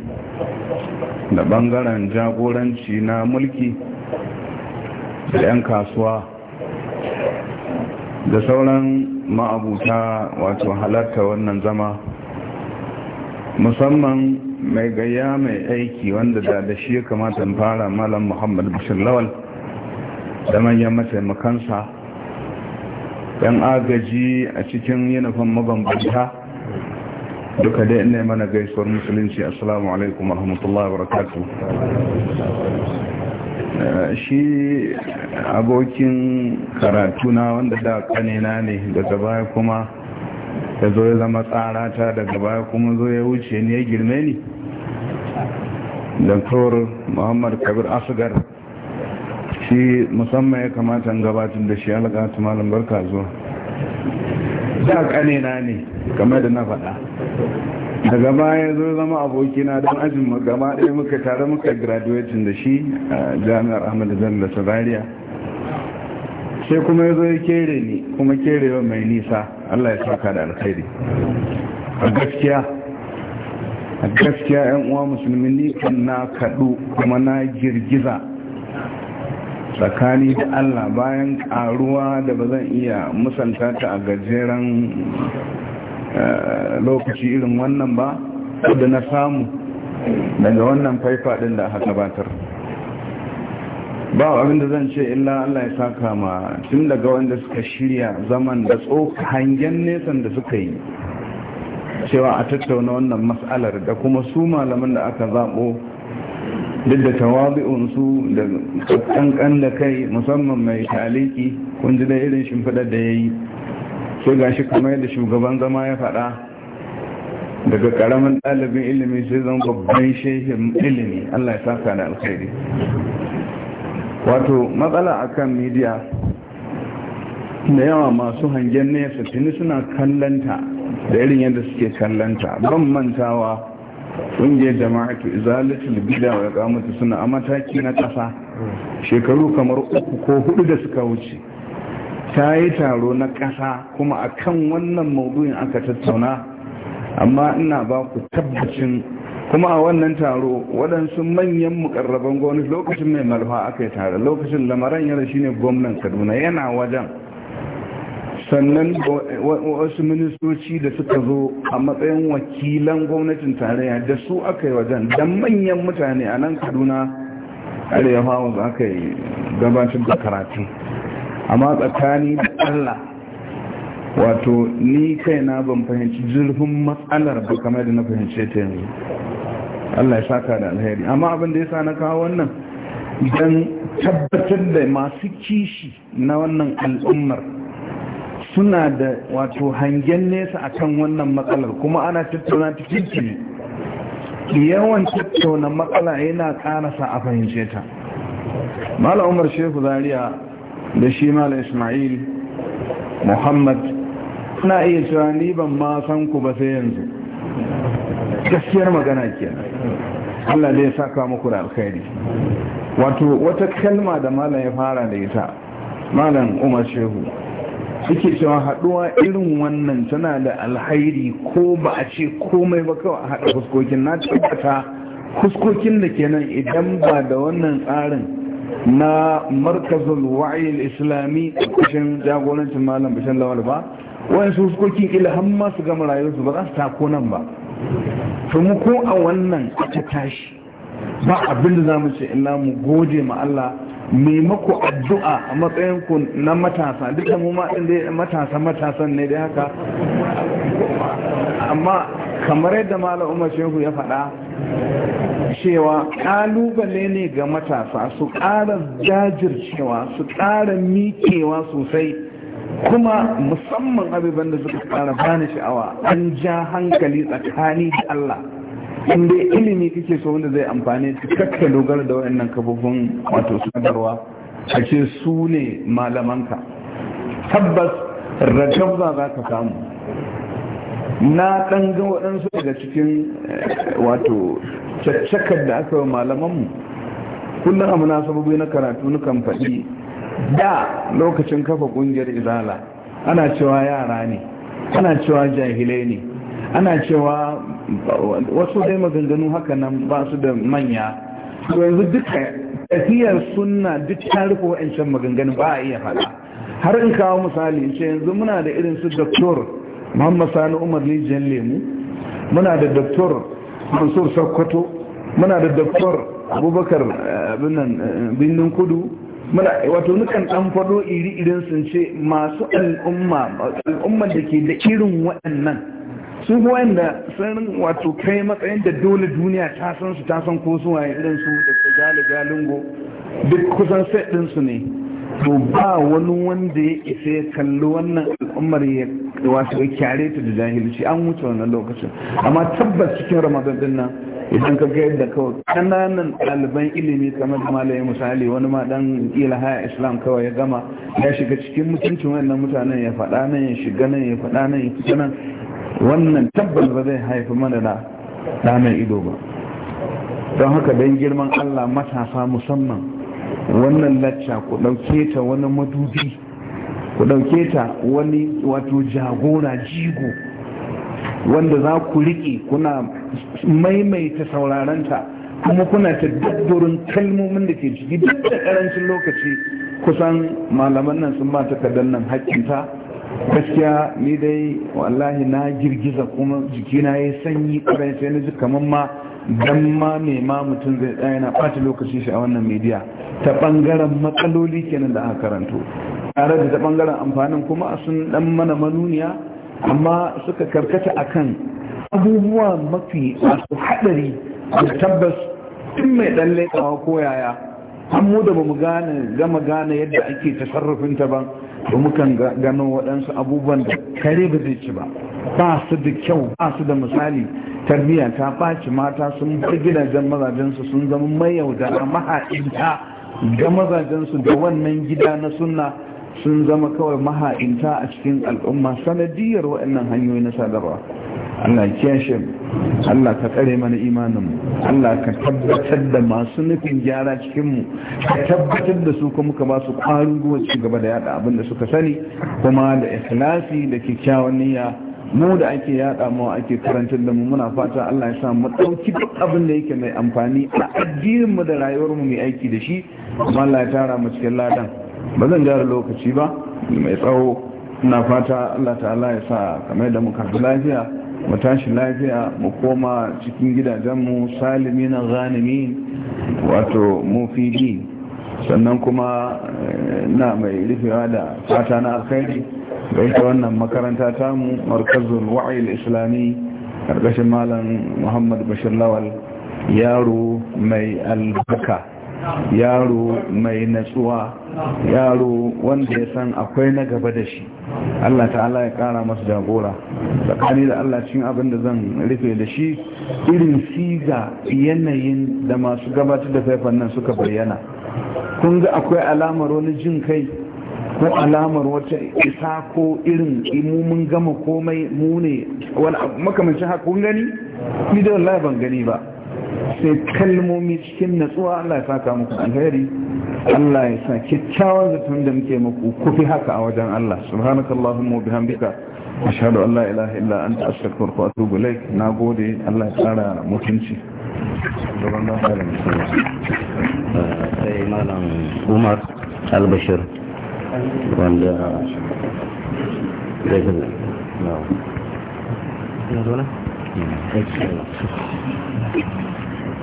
Speaker 4: da bangaren jagoranci na mulki da 'yan kasuwa da sauran ma'abuta wato halarta wannan zama musamman mai gaya mai aiki wanda da da shi ya kamata fara malam Muhammadu bashir lawal da manyan mataimakansa yan agaji a cikin yunifon mabambanta duka dai ina mana gaisuwar musulunci assalamu alaikum warahmatullahi wabarakatuh eh, shi abokin karatuna wanda da kanina ne daga baya kuma ya zo ya zama tsarata daga baya kuma zo ya wuce ne ya girme ni dr muhammad kabir asgar shi musamman ya kamata gabatar da shi alaƙa malam barka zuwa da ƙanina ne kamar da na faɗa daga baya zo zama abokina don ajin gaba ɗaya muka tare muka graduating da shi a jami'ar ahmad da sabariya sai kuma ya zo ya kere ni kuma kerewa mai nisa allah ya sauka da alkhairi a gaskiya a gaskiya yan uwa musulmi ni kan na kaɗu kuma na girgiza tsakani da allah bayan ƙaruwa da ba zan iya musanta ta a gajeren Eh, lokaci irin wannan ba da na samu daga wannan faifa ɗin da aka gabatar ba abinda zan ce illa Allah ya saka ma tun daga wanda suka shirya zaman da tsoka hangen nesan da suka yi cewa a tattauna wannan matsalar da kuma su malaman da aka zaɓo duk da tawabi'unsu da kankan da kai musamman mai taliki kun ji da irin shimfiɗar da ya yi sai gashi kamar yadda shugaban zama ya faɗa daga ƙaramin ɗalibin ilimi sai zan babban shehin ilimi allah ya saka da alkhairi wato matsala akan midiya. da yawa masu hangen nesa tuni suna kallanta da irin yadda suke kallanta ban mantawa ƙungiyar jama'atu izalatul bida wa ya suna a mataki na ƙasa shekaru kamar uku ko hudu da suka wuce ta yi taro na ƙasa kuma a kan wannan maudu'in aka tattauna amma ina ba ku tabbacin kuma a wannan taro waɗansu manyan mukarraban gwamnati lokacin mai malfa aka yi tare lokacin lamaran yana shine gwamnan kaduna yana wajen sannan wasu ministoci da suka zo a matsayin wakilan gwamnatin tarayya da su aka yi wajen da manyan mutane a nan kaduna arewa aka yi gabatar da karatu amma tsakani da Allah wato ni kai na ban fahimci zurfin matsalar ba kamar da na fahimce ta yanzu Allah ya saka da alheri amma abin da ya sa na kawo wannan don tabbatar da masu kishi na wannan al'ummar suna da wato hangen nesa akan wannan matsalar kuma ana tattauna tikiti yawan tattauna matsala yana karasa a fahimce ta malam umar shehu Zariya. da shi mala ismail muhammad na iya cewa ni ban ma san ku ba sai yanzu gaskiyar magana kenan Allah zai ya saka muku da alkhairi wato wata kalma da malam ya fara da ita malam umar shehu suke cewa haɗuwa irin wannan tana da alhairi ko ba a ce komai ba kawai a haɗa fuskokin na tabbata fuskokin da kenan idan ba da wannan tsarin na markazin wa'ayi islami ƙarƙashin jagorancin malam bishan lawal ba wani su sukokin ilham masu gama rayuwarsu ba za su tako nan ba to mu ko a wannan ta tashi ba abinda zamu za mu ce ina mu gode ma Allah maimako addu'a a matsayin ku na matasa duk da mu ma din matasa matasan ne dai haka amma kamar yadda malam Umar Shehu ya faɗa cewa ƙalubale ne ga matasa su ƙara jajircewa su ƙara miƙewa sosai kuma musamman abubuwan da suka ƙara bani sha'awa an ja hankali tsakani da Allah inda ilimi kake so wanda zai amfani kakka dogara da wayannan kafofin wato sadarwa a ce su ne malamanka tabbas
Speaker 3: rajabza
Speaker 4: za ka samu na ɗan ga waɗansu daga cikin eh, wato caccakar da aka yi malamanmu kullum a munasabobi na karatu na kamfani da lokacin kafa ƙungiyar izala ana cewa yara ne ana cewa jahilai ne ana cewa wasu dai maganganu haka nan ba su da manya yanzu duka tafiyar suna duk ta rufe wa'ancan maganganu ba a iya fada har in kawo misali ce yanzu muna da irin su doktor muhammad sani umar lijiyar lemu muna da doktor mansur sokoto muna da doktor abubakar eh, eh, birnin kudu muna wato nukan dan fado iri irin sun ce masu al'umma al'umma da ke da irin waɗannan sun wanda sun wato kai matsayin da dole duniya ta san su ta san ko su waye irin su da galigalingo duk kusan sai ɗinsu ne to ba wani wanda ya isa ya kalli wannan al'ummar ya wasu ya kyare ta da jahilci an wuce wannan lokacin amma tabbas cikin ramadan din nan idan ka ga da kawai kananan ɗaliban ilimi kamar da malaye misali wani ma dan ilha islam kawai ya gama ya shiga cikin mutuncin wannan mutanen ya faɗa nan ya shiga nan ya faɗa nan ya fita nan wannan tabbas ba zai haifi mana da ɗa mai ido ba don haka don girman allah matasa musamman wannan lacca ku ɗauke ta wani madubi ku ɗauke ta wani wato jagora jigo wanda za ku riƙe kuna maimaita ta kuma kuna ta daddurin kalmomin da ke ciki duk da ƙarancin lokaci kusan malaman nan sun ba takardar nan hakkinta gaskiya ni dai wallahi na girgiza kuma jikina ya sanyi ƙarai sai na ji kamar ma dan ma mai ma mutum zai tsaya na ɓata lokaci shi a wannan media ta ɓangaren matsaloli kenan da aka karanto tare da ta ɓangaren amfanin kuma sun ɗan mana manuniya amma suka karkata a kan abubuwa mafi masu haɗari da tabbas tun mai ɗan laikawa ko yaya an mu da ba mu gane gama gane yadda ake tasarrufinta ba mu kan gano waɗansu abubuwan da kare ba zai ci ba ba su da kyau ba su da misali tarbiyya ta ɓaci mata sun bar gidajen mazajensu sun zama mayaudara maha'inta ga mazajensu da wannan gida na sunna sun zama kawai maha'inta a cikin al'umma sanadiyar waɗannan hanyoyi na sadarwa Allah ya kiyashe Allah ka tsare mana imaninmu Allah ka tabbatar da masu nufin gyara cikinmu ka tabbatar da su kuma ka ba su ƙwarin gwiwa ci gaba da yada abinda suka sani kuma da ikhlasi da kyakkyawan niyya mu da ake yada mu ake karantar da mu muna fata Allah ya sa mu dauki duk abin da yake mai amfani a addinin mu da rayuwar mu mai aiki da shi kuma Allah ya tara mu cikin ladan ba zan gara lokaci ba mai tsawo ina fata Allah ta'ala ya sa kamar da muka lafiya mu tashi lafiya mu koma cikin gidajenmu salimi na ghanimi wato mufidi sannan kuma eh, na mai rufewa da fata na alkhairi da ita wannan makaranta tamu markazin wa'il islami ƙarƙashin malam muhammad bashir lawal yaro mai albarka yaro mai natsuwa yaro wanda ya san akwai na gaba da shi Allah ta'ala ya kara masu jagora tsakani da Allah cikin abin da zan rufe da shi irin siga yanayin da masu gabatar da faifan nan suka bayyana kun ga akwai alamar wani jin kai ko alamar wata isa ko irin imu mun gama komai mune, wani makamancin haka kun gani ni da wallahi ban gani ba sai kalmomi cikin natsuwa Allah ya saka muku alheri Allah ya sa kyakkyawan zaton da muke muku ku fi haka a wajen Allah subhanakallahumma wa bihamdika ashhadu an la ilaha illa anta astaghfiruka wa atubu ilaik nagode Allah ya tsara mutunci sai eh, malam Umar
Speaker 1: Al-Bashir, wanda na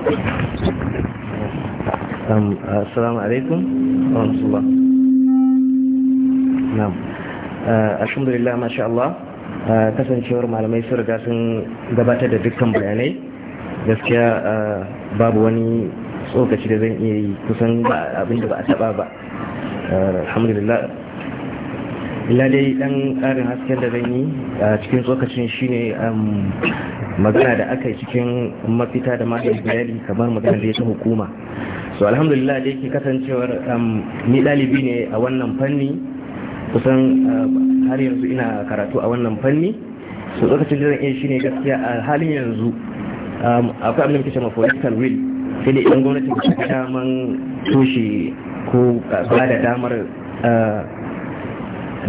Speaker 3: Um,
Speaker 1: assalamu alaikum wa rahmatullah na'am uh,
Speaker 5: alhamdulillah masha Allah uh, kasancewar malamai sun riga sun gabatar da dukkan bayanai gaskiya uh, babu wani tsokaci da zan iya yi kusan ba abinda ba a taba ba alhamdulillah illa dai dan karin hasken da zan yi a cikin tsokacin shine um, magana da aka yi cikin mafita da maganin bayani kamar magana da ya ta hukuma so alhamdulillah da yake kasancewar um, ni ɗalibi ne a wannan fanni kusan uh, har yanzu ina karatu a wannan fanni so lokacin da zan iya ne gaskiya a halin yanzu um, akwai abin da muke cewa political will sai da idan gwamnati ba ta daman toshe ko ba da damar uh,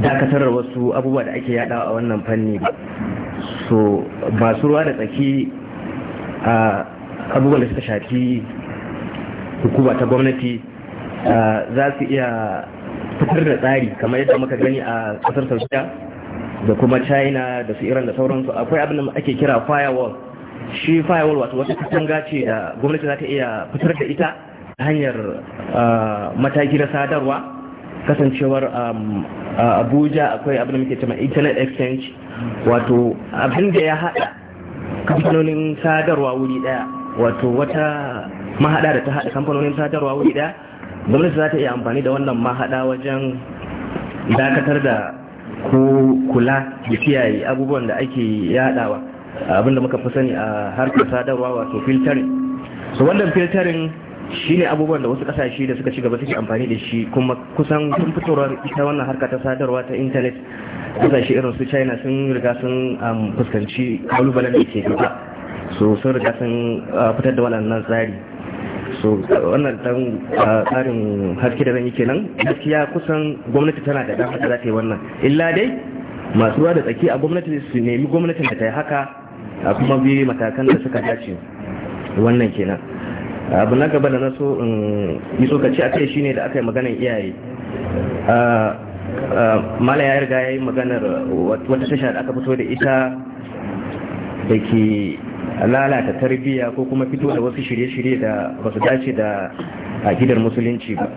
Speaker 5: dakatar wasu abubuwa da ake yada a wannan fanni so masu ruwa da tsaki a abubuwan da suka shafi hukuma ta gwamnati za su iya fitar da tsari kamar yadda muka gani a kasar saudiya da kuma china da su iran da sauransu akwai abin da ake kira firewall shi firewall wato wata katanga ce da gwamnati za ta iya fitar da ita ta hanyar mataki na sadarwa kasancewar um, abuja akwai abin da muke cewa internet exchange wato abin ya hada kamfanonin sadarwa wuri daya wato wata mahaɗa da ta haɗa kamfanonin sadarwa wuri daya gwamnati za ta iya amfani da wannan mahada wajen dakatar da ko kula da kiyaye abubuwan da ake yaɗawa abinda muka fi sani a harkar sadarwa wato filtering so wannan filtering shi abubuwan da wasu kasashe da suka ci gaba suke amfani da shi kuma kusan tun fitowar ita wannan harka ta sadarwa ta intanet kasashe irin su china sun riga sun um, fuskanci kalubalen da ke gaba so sun riga sun uh, fitar da wannan tsari so wannan dan uh, tsarin haske da zan yi kenan gaskiya kusan gwamnati tana da dama da za ta yi wannan illa dai masu ruwa da tsaki a gwamnati su nemi gwamnatin da ta yi haka a kuma bi matakan da suka dace wannan kenan abu na gaba da na so in yi tsokaci a kai shine da aka yi maganar iyaye uh, mala ya riga ya yi maganar wata tasha da aka fito da ita da ke lalata tarbiyya ko kuma fito da wasu shirye-shirye da ba su dace da akidar musulunci ba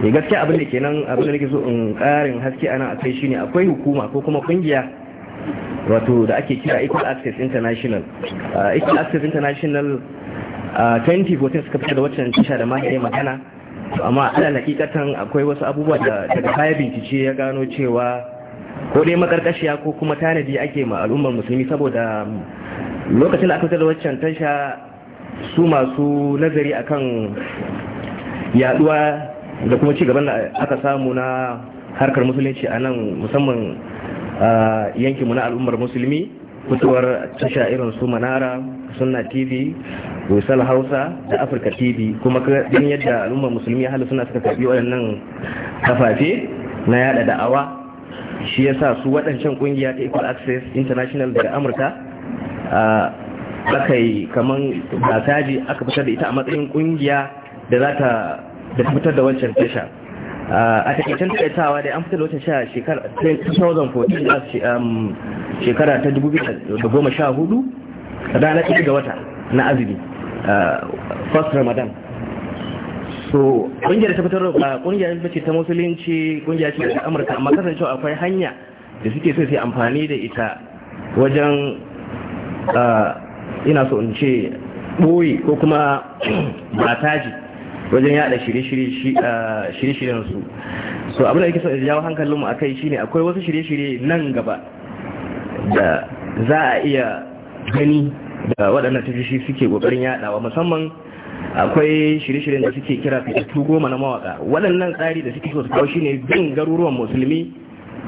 Speaker 5: ya eh, gaskiya abin da kenan abin da nake so in karin haske ana a kai shine akwai hukuma ko kuma kungiya wato da ake kira equal access international ah, equal access international 2014 ah, suka fita da wacce tasha da ma magana amma ana hakikatan akwai wasu abubuwa da daga baya bincike ya gano cewa ko dai makarkashiya ko kuma tanadi ake ma al'ummar musulmi saboda lokacin da aka fitar waccan tasha su masu nazari akan yaduwa da kuma ci gaban da aka samu na harkar musulunci a nan musamman yankinmu na al'ummar musulmi fitowar tasha irin su manara sunna tv wisal hausa da afirka tv kuma kan yadda al'ummar musulmi hali suna suka karbi waɗannan kafafe na yada da'awa shi yasa su waɗancan kungiya ta equal access international daga amurka aka yi kaman gasaji aka fitar da ita a matsayin kungiya da za ta da fitar da wancan tasha Ah, a takaicen takaitawa dai an da wata sha shekara 2014 um, shekara ta 2014 ranar ɗaya ga wata na azumi ah, first ramadan so ƙungiyar ta fitar da ƙungiyar ce ta musulunci ƙungiyar ce ta amurka amma kasancewa akwai hanya da suke so su amfani da ita wajen ah, ina so in ce ɓoye ko kuma bataji wajen yada ah, shirye-shiryen su so abin da yake so da jawo hankalinmu a kai shine akwai wasu shirye-shirye nan gaba da za a iya gani da waɗannan tafishi suke ƙoƙarin yaɗawa musamman akwai shirye-shiryen da suke kira fitattu goma na mawaka waɗannan tsari da suke so su kawo shine bin garuruwan musulmi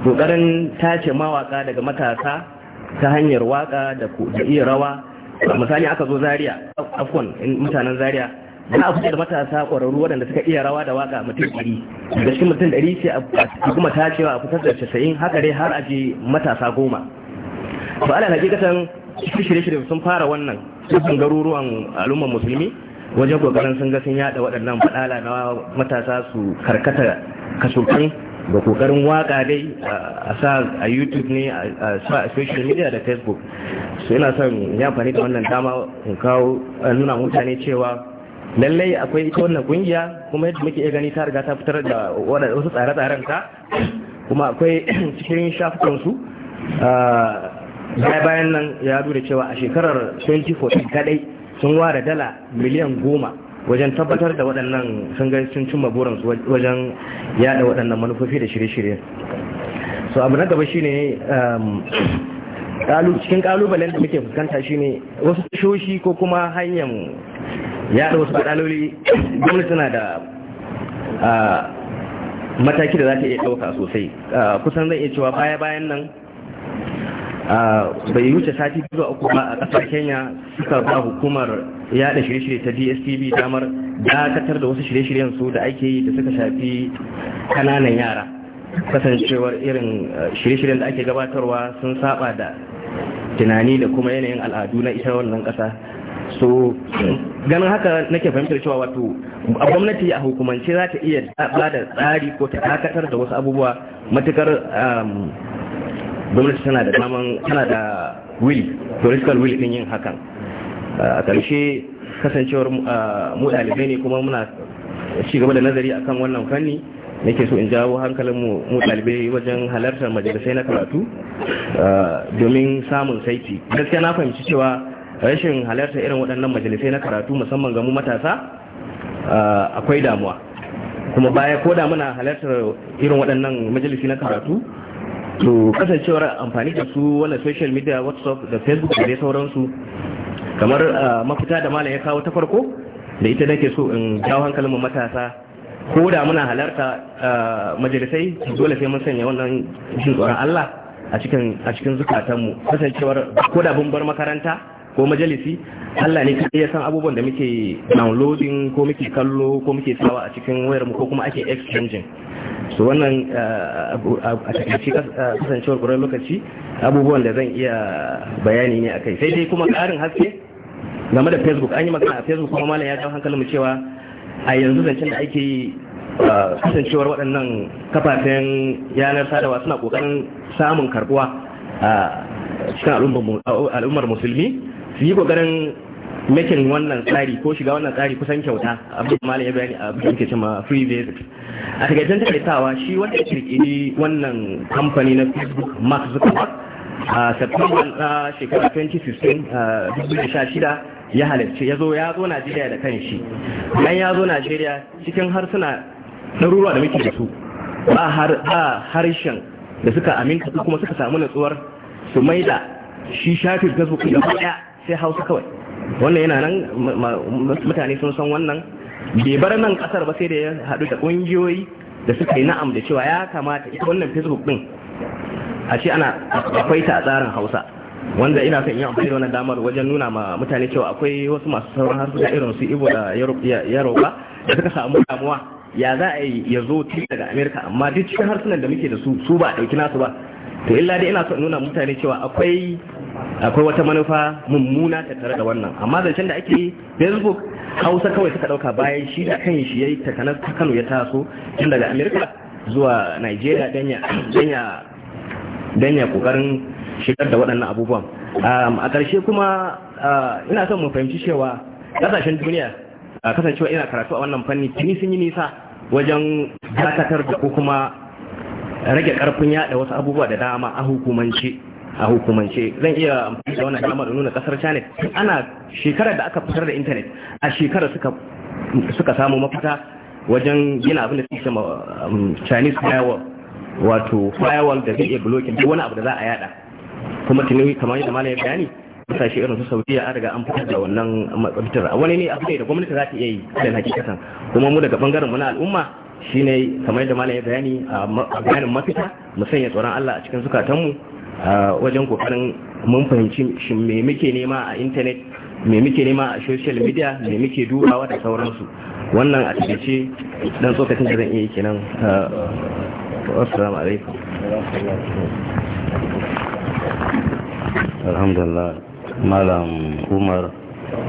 Speaker 5: ƙoƙarin tace mawaka daga matasa ta hanyar waka da iya rawa misali aka zo zaria afkon mutanen zaria a fita da matasa ƙwararru waɗanda suka iya rawa da waka mutum ɗari da shi mutum ɗari ce a kuma tacewa a fitar da casa'in haka dai har aje matasa goma ba ala hakikatan shirye-shirye sun fara wannan dukkan garuruwan al'ummar musulmi wajen ƙoƙarin sun ga sun yaɗa waɗannan faɗala na matasa su karkata kasurkan da ƙoƙarin waka dai a sa a youtube ne a sa a social media da facebook su ina son ya amfani da wannan dama in kawo nuna mutane cewa lallai akwai ita wannan kungiya kuma yadda muke iya gani ta riga ta fitar da wasu tsare-tsaren ta kuma akwai [CLEARS THROAT] cikin shafukansu baya bayan nan ya da cewa a shekarar 2014 kadai sun ware dala miliyan goma wajen tabbatar da waɗannan sun ga sun cimma burinsu wajen yada waɗannan manufofi da shirye-shirye so abu na gaba shine um, cikin kalubalen da muke fuskanta shine wasu tashoshi ko kuma hanyar ya da wasu kadaloli gwamnati tana da mataki da za ta iya ɗauka sosai kusan zai iya cewa baya-bayan nan bai wuce sati zuwa uku ba a ƙasar kenya suka ba hukumar yada shirye-shirye ta dstv damar dakatar da wasu shirye-shiryen su da ake yi da suka shafi kananan yara kasancewar irin shirye-shiryen da ake gabatarwa sun saba da tunani da kuma yanayin al'adu na ita wannan ƙasa so ganin haka nake fahimtar cewa wato a gwamnati a hukumance za ta iya ba da tsari ko ta dakatar da wasu abubuwa matukar um, gwamnati tana da daman tana da will political will din yin hakan a ƙarshe kasancewar uh, mu ɗalibai ne kuma muna ci gaba da nazari akan wannan fanni nake so in jawo hankalin mu ɗalibai wajen halartar majalisai na karatu uh, domin samun saiti gaskiya na fahimci cewa rashin halarta irin waɗannan majalisai na karatu musamman ga mu matasa akwai damuwa kuma baya ko da muna halartar irin waɗannan majalisi na karatu to kasancewar amfani da su wannan social media whatsapp da facebook da dai sauransu kamar mafita da malam ya kawo ta farko da ita nake so in jawo hankalin matasa ko da muna halarta majalisai dole sai mun sanya wannan jin tsoron Allah a cikin a zukatanmu kasancewar ko da bun bar makaranta ko majalisi Allah ne kai ya san abubuwan da muke downloading ko muke kallo ko muke sawa a cikin wayar mu ko kuma ake exchanging so wannan eh, a takaici eh, kasancewar lokaci abubuwan da zan iya bayani ne akai sai dai kuma karin haske game da facebook an yi magana a facebook kuma malam ya jawo hankalin mu cewa a yanzu zancen da ake yi eh, kasancewar waɗannan kafafen yanar sadarwa suna ƙoƙarin samun karbuwa a cikin al'ummar musulmi su yi kokarin mekin wannan tsari ko shiga wannan tsari kusan kyauta abin da malam ya bayani a abin ke cewa free visit a takaicen takaitawa shi wanda ya kirkiri wannan kamfani na facebook mark zuckerberg a september na shekara 2015 2016 ya halarci ya zo ya zo najeriya da kan shi bayan ya zo najeriya cikin harsuna ɗaruruwa da muke da su ba harshen da suka aminta kuma suka samu natsuwar su da shi shafin facebook da ɗaya sai hausa kawai wannan yana nan mutane sun san wannan bai bar nan kasar ba sai da ya haɗu da ƙungiyoyi da suka yi na'am da cewa ya kamata ita wannan facebook din a ce ana akwai ta a tsarin hausa wanda ina son yi amfani da wannan damar wajen nuna ma mutane cewa akwai wasu masu sauran harsuka irin su ibo da yaroba da suka samu damuwa ya za a yi ya zo tun daga amerika amma duk cikin harsunan da muke da su su ba a ɗauki nasu ba to illa dai ina son nuna mutane cewa akwai akwai wata manufa mummuna ta da wannan amma zancen da ake yi facebook hausa kawai suka dauka bayan shi da kan shi yayi takanar ta kano ya taso tun daga amerika zuwa nigeria don ya kokarin shigar da waɗannan abubuwan a ƙarshe kuma ina son mu fahimci cewa ƙasashen duniya kasancewa ina karatu a wannan fanni tuni sun yi nisa wajen dakatar da ko kuma rage ƙarfin yaɗa wasu abubuwa da dama a hukumance a hukumance zan iya amfani da wannan alamar nuna kasar china ana shekarar da aka fitar da intanet a shekarar suka samu mafita wajen gina abin da suke sama um, chinese firewall wato firewall da zai iya blocking duk wani abu da za a yada kuma tuni kamar yadda malam ya bayani kasashe irin su saudiya an riga an fitar da wannan mafitar wani ne abu ne da gwamnati za ta iya yi da hakikatan kuma mu daga bangaren mu na al'umma shine kamar yadda malam ya bayani a bayanin mafita mu sanya tsoron Allah a cikin zukatanmu wajen kokarin mun fahimci shi me muke nema a intanet me muke nema a social media me muke dubawa da sauransu wannan a takaice dan tsokacin
Speaker 1: da zan iya kenan assalamu alaikum alhamdulillah malam umar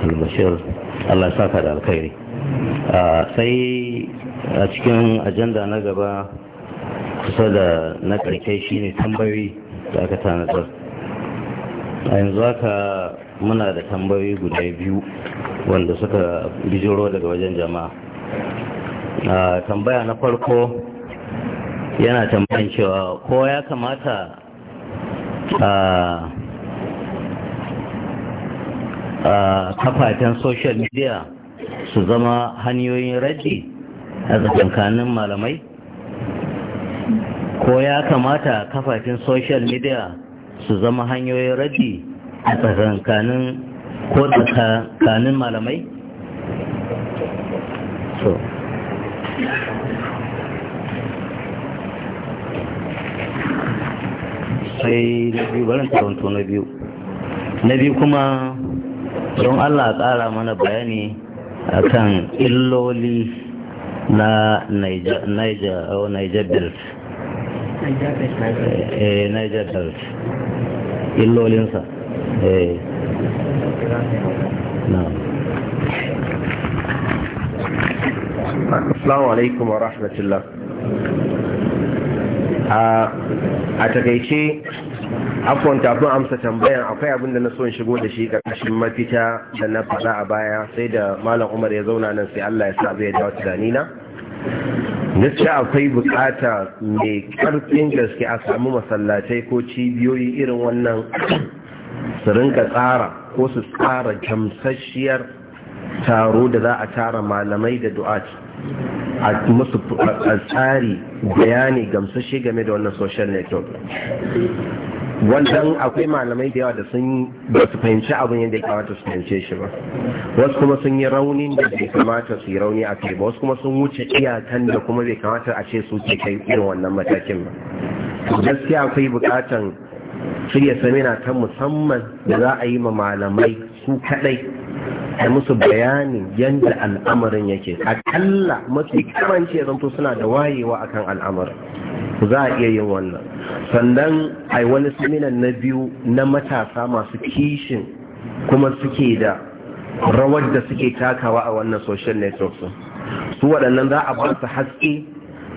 Speaker 1: al al-bashir allah saka da alkhairi sai a cikin ajanda na gaba kusa da na shi shine tambayoyi da aka tanadar a yanzu haka muna da tambayoyi guda biyu wanda suka bijiro daga wajen jama'a a tambaya na farko yana tambayin cewa ko ya kamata a a kafafen social media su zama hanyoyin raji a tsakankanin malamai ko ya kamata kafafen social media su zama hanyoyin raddi a tsakankanin ko tsakanin malamai? so sai na biyu barin taronto na biyu na biyu kuma don allah ƙara mana bayani a kan illoli na niger belt Eh, niger delta illolinsa eh.
Speaker 6: Assalamu alaikum wa rahmatullah a takaice afon tafin amsa tambayan akwai abin da na son shigo da shi ƙarƙashin mafita da na faɗa a baya sai da malam umar ya zauna nan sai Allah ya sa zai dawo tunanina na ce akwai bukata mai karfin gaske a samu masallatai ko cibiyoyi irin wannan su rinka tsara ko su tsara jamsasshiyar taro da za a tara malamai da du'aci a musu tsari bayani gamsashe game da wannan social network wannan akwai malamai da yawa da sun ba su fahimci abin yadda ya kamata su fahimce shi ba wasu kuma sun yi raunin da bai kamata su yi rauni a kai ba wasu kuma sun wuce iyakan da kuma bai kamata a ce su ke kai irin wannan matakin ba to gaskiya akwai bukatan shirya samina ta musamman da za a yi ma malamai su kadai a musu bayani yadda al'amarin yake A akalla mafi karanci ya zanto suna da wayewa akan al'amarin za a iya yin wannan sannan a wani seminan na biyu na matasa masu kishin kuma suke da rawar da suke takawa a wannan social network su waɗannan za a ba su haske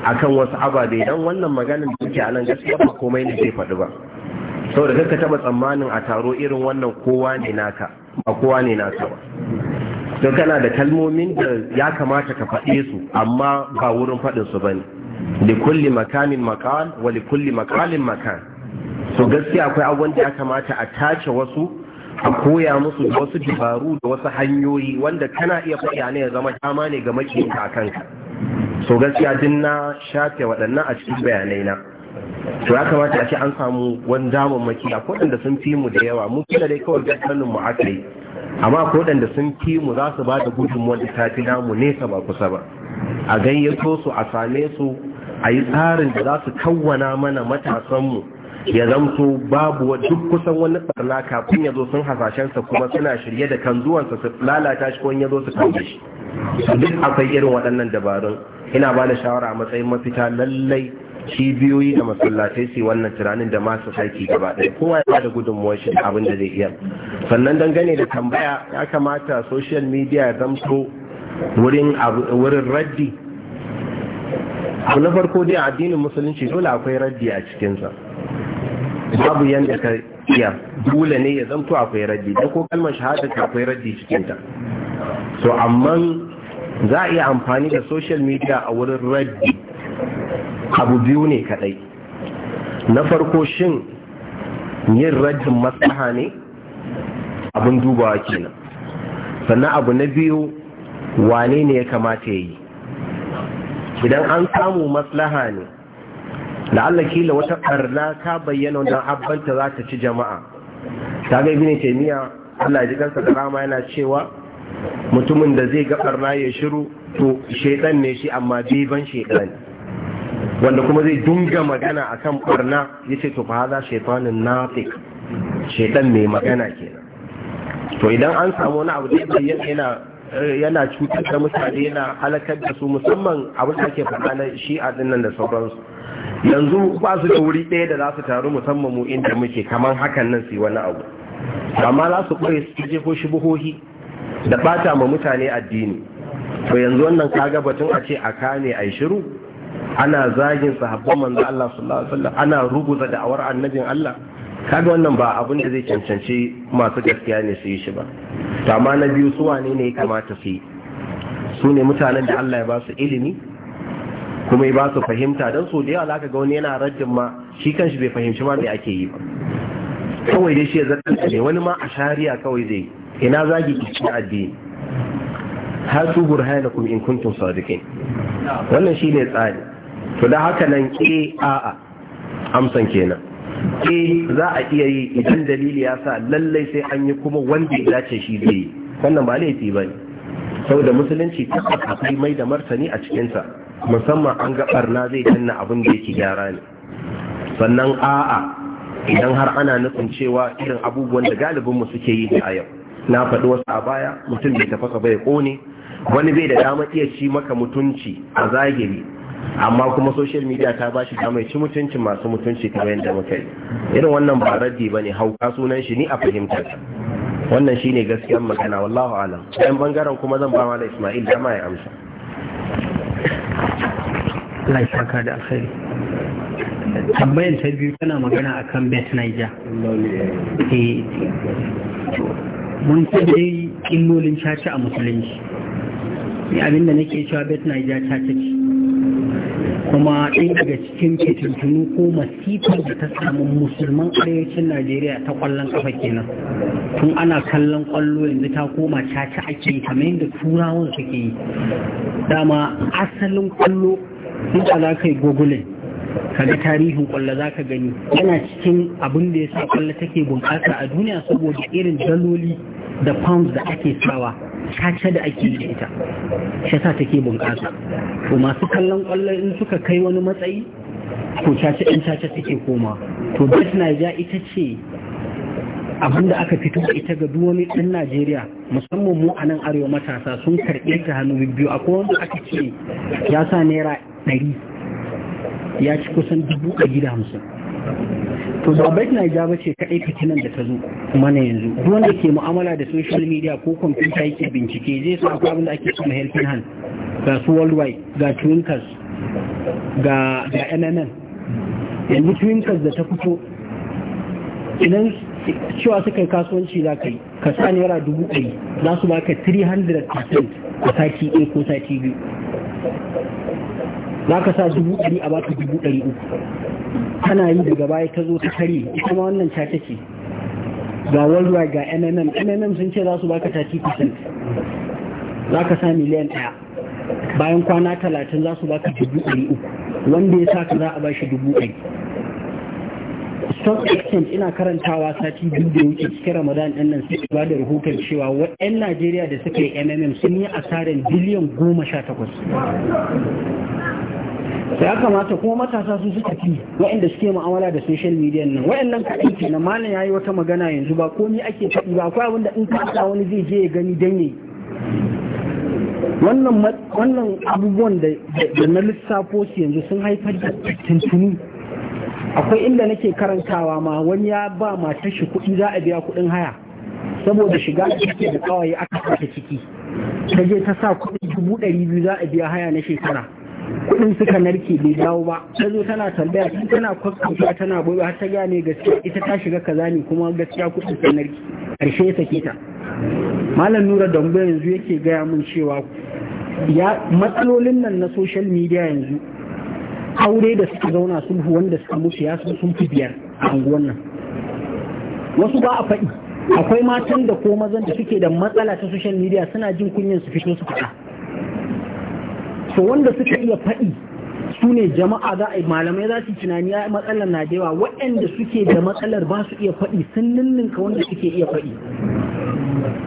Speaker 6: akan wasu ababe don wannan maganin da suke a nan gaskiya ba komai ne zai faɗi ba saboda kanka taɓa tsammanin a taro irin wannan kowa ne naka ba kowa ne na sawa don kana da kalmomin da ya kamata ka faɗe su amma ba wurin faɗin su bane li kulli makamin makan wa li kulli makalin makan so gaskiya akwai abubuwan da ya kamata a tace wasu a koya musu da wasu dabaru da wasu hanyoyi wanda kana iya faɗi ne ya zama dama ne ga makiyinka a kanka so gaskiya din na shafe waɗannan a cikin bayanai na
Speaker 3: to ya kamata a ce
Speaker 6: an samu wani damammaki a kodanda sun fi mu da yawa mu da dai kawai gaskanin mu aka yi amma kodanda sun fi mu za su ba da gudun da ta fi namu nesa ba kusa ba a gayyato su a same su a yi tsarin da za su kawwana mana matasanmu ya zamto babu duk kusan wani tsarna kafin ya zo sun hasashensa kuma suna shirye da kan zuwansa su lalata shi ko ya zo su kawo shi duk akwai irin waɗannan dabarun ina ba da shawara a matsayin mafita lallai cibiyoyi da masallatai su wannan tunanin da masu saiki gaba ɗaya kowa ya da gudunmuwar shi abin da zai iya sannan dangane da tambaya ya kamata social media ya zamto wurin raddi abu na farko dai addinin musulunci dole akwai raddi a cikinsa babu yadda ka iya dole ne ya zamto akwai raddi da ko kalmar shahada akwai raddi cikinta to amma za a iya amfani da social media a wurin raddi abu biyu ne kadai na farko shin yin rajin maslaha ne abin dubawa kenan sannan abu na biyu wane ne ya kamata ya yi idan an samu maslaha ne la'allakila wata karna ka bayyana don abbanta za ta ci jama'a ta ga ibini taimiyya allah ji kansa da rama yana cewa mutumin da zai ga karna ya shiru to shaidan ne shi amma biban shaidan ne wanda kuma zai dunga magana akan barna yace to fa haza shaytanun nafik shaytan mai magana kenan to idan an samu wani abu da yana yana cutar da mutane yana halakar da su musamman abin da ke faɗa na shi a nan da sauransu yanzu ba su da wuri ɗaya da za su taru musamman mu inda muke kamar hakan nan su yi wani abu amma za su ɓoye su je ko buhohi da ɓata ma mutane addini to yanzu wannan kaga batun a ce a kame a shiru ana zagin sahabban manzo Allah sallallahu alaihi wasallam ana ruguza da'awar annabin Allah kaga wannan ba abin da zai cancanci masu gaskiya ne su yi shi ba to amma na biyu su wane ne ya kamata su yi su ne mutanen da Allah ya ba su ilimi kuma ya ba su fahimta don so da yawa zaka ga wani yana rajin ma shi kanshi bai fahimci ma me ake yi ba kawai dai shi ya zartar ne wani ma a shari'a kawai zai ina zagi ki na addini hatu burhanakum in kuntum sadiqin wannan shi ne tsari to da haka nan ke a'a amsan kenan ke za a iya yi idan dalili ya sa lallai sai an yi kuma wanda ya dace shi zai yi wannan ba laifi ba ne saboda musulunci tabbas akwai mai da martani a cikinsa musamman an ga barna zai danna abin da yake gyara ne sannan a'a idan har ana nufin cewa irin abubuwan da galibinmu suke yi a yau na faɗi wasu a baya mutum bai tafasa bai ƙone wani bai da dama iya ci maka mutunci a zagiri amma kuma social media ta ba shi damar ci mutunci masu mutunci kamar yadda muka yi irin wannan ba raddi ba ne hauka sunan shi ni a fahimtar wannan shine gaskiyar magana wallahu alam ɗayan bangaren kuma zan ba da ismail dama ya amsa
Speaker 2: Allah ya saka da alkhairi tambayar ta biyu tana magana akan bet niger eh, mun ce dai illolin caca a musulunci ne abinda nake cewa bet niger ta ce kuma ɗin daga cikin fitintunu ko masifar da ta samu musulman arewacin najeriya ta kwallon kafa kenan tun ana kallon kwallo yanzu ta koma caca ake kamar yadda turawan suke yi dama asalin kwallo in za ka yi gogulin ga tarihin kwallo za ka gani yana cikin abin da ya sa kwallo take bunƙasa a duniya saboda irin daloli da pounds da ake sawa caca da ake yi ita shi sa take bunƙasa to masu kallon ƙwallon in suka kai wani matsayi ko caca ɗin caca take koma to bet naija ita ce abinda aka fito da ita ga duwami ɗan najeriya musamman mu a nan arewa matasa sun karɓe ta hannu biyu a wanda
Speaker 3: aka ce ya sa
Speaker 2: naira ɗari ya ci kusan dubu a gida hamsin to sahabai ja ba ce kaɗai nan da ta zo mana yanzu wanda ke mu'amala da social media ko kwamfuta yake bincike zai sa akwai abin da ake suna helping hand ga su worldwide ga twinkers ga mmm yanzu twinkers da ta fito idan cewa suka yi kasuwanci za ka yi ka sa naira dubu ɗari za su baka 300% a sati ɗaya ko sati biyu za ka sa dubu ɗari a baka dubu ɗari uku tana yi daga baya ta zo ta kare kuma wannan ta take ga warwa ga mmm mmm sun ce za su baka 30% za ka sa miliyan ɗaya bayan kwana talatin za su baka dubu ɗari uku wanda ya sa ka za a ba shi dubu ɗari stock exchange ina karantawa sati biyu da wuce cikin ramadan ɗin nan sai ba da rahoton cewa waɗannan najeriya da suka yi mmm sun yi asarar biliyan goma sha takwas ya kamata kuma matasa sun suka fi waɗanda suke ma'amala da social media nan waɗannan kaɗai ke na malam yayi wata magana yanzu ba komai ake faɗi ba akwai abinda in ka wani zai je ya gani dan yayi wannan abubuwan da na lissafo su yanzu sun haifar da tuntuni akwai inda nake karantawa ma wani ya ba matar shi kuɗi za a biya kuɗin haya saboda shiga da take da kawaye aka saka ciki ta je ta sa kuɗi dubu ɗari biyu za a biya haya na shekara kudin suka narke bai dawo ba ta zo tana tambaya tana kwakwata tana boye har ta gane gaskiya ita ta shiga kaza ne kuma gaskiya kudin suka narke karshe ya sake ta malam nura dambe yanzu yake gaya mun cewa ya matsalolin nan na social media yanzu aure da suka zauna sulhu wanda suka mutu ya san sun fi biyar a unguwan nan wasu ba a faɗi akwai matan da ko mazan da suke da matsala ta social media suna jin kunyan su fito su faɗa to wanda suka iya faɗi su ne jama'a za a malamai za su tunani ya matsalar na da yawa waɗanda suke da matsalar ba su iya faɗi sun ninninka wanda suke iya faɗi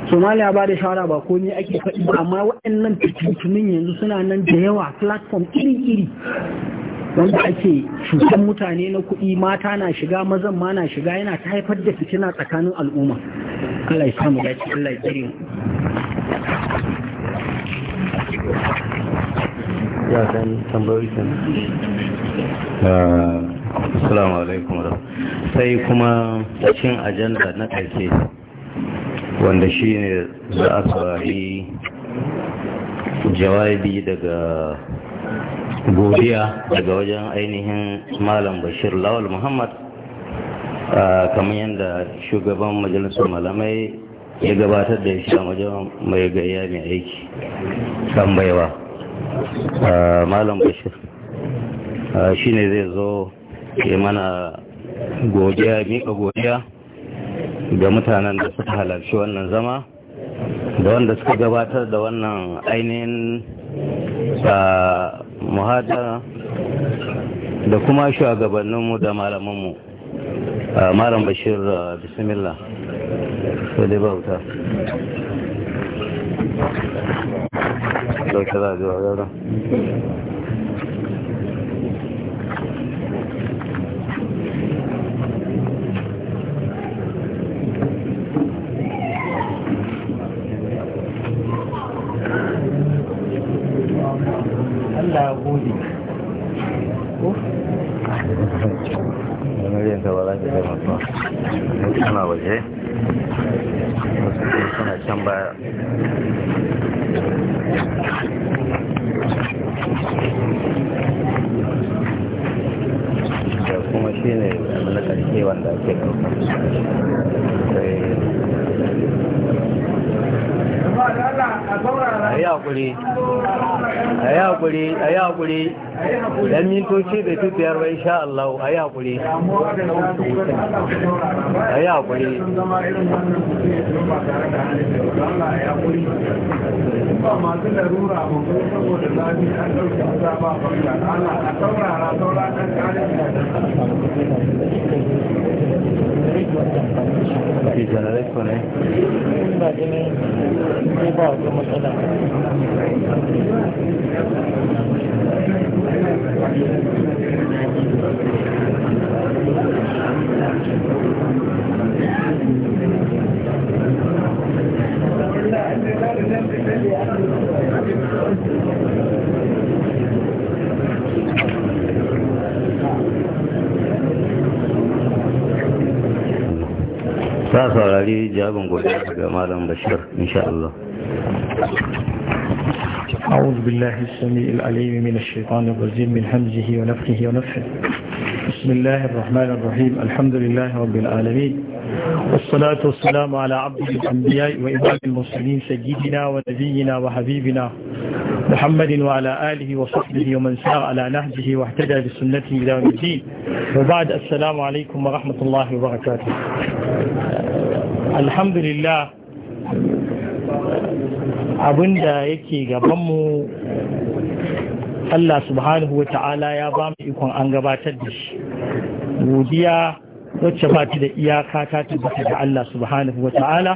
Speaker 2: somaliya ba da shawara ba ko ne ake faɗi ba amma waɗannan fitintunin yanzu suna nan da yawa platform iri-iri wanda ake cutar mutane na kuɗi mata na shiga mazan ma na shiga yana ta haifar da fitina tsakanin al'umma Allah ya samu dace Allah ya
Speaker 1: ya ah, sai kuma cikin ajanda na ƙarshe wanda shi ne za a jawabi daga godiya daga wajen ainihin malam bashir lawal muhammad ah, kamar yadda shugaban majalisar malamai ya gabatar da shi a wajen mai gayya mai aiki kan baiwa Ah, malam bashir ah, shi ne zai zo ke mana godiya miƙa godiya ga mutanen da suka halarci wannan zama da wanda suka gabatar da wannan ainihin ah, muhadara da kuma shugabanninmu da malamanmu malam bashir bismillah sai dai bauta ɗauke za a ji Ana waje? suna can baya. ne wanda ake ɗaukar
Speaker 3: eh. a yi haƙuri a yi
Speaker 7: haƙuri a yi haƙuri
Speaker 4: dan mintoci da tutiyar wa insha Allah a yi haƙuri a yi haƙuri ba masu larura ba ko saboda zafi an ɗauke ta ba ba ana
Speaker 3: a saurara saurara kan kare Sì, già l'ha detto lei. Immagini, mi
Speaker 1: sa saurari jabin gobe ga malam bashir insha Allah
Speaker 7: أعوذ بالله السميع العليم من الشيطان الرجيم من همزه ونفخه ونفخه بسم الله الرحمن الرحيم الحمد لله رب العالمين والصلاة والسلام على عبد الأنبياء وإمام المرسلين سيدنا ونبينا وحبيبنا محمد وعلى آله وصحبه ومن سار على نهجه واهتدى بسنته إلى يوم الدين وبعد السلام عليكم ورحمة الله وبركاته الحمد لله abin da yake gabanmu Allah subhanahu wa ta'ala ya ba mu ikon an gabatar da shi godiya wacce ba ta da iyaka ta tabbata Allah subhanahu wa ta'ala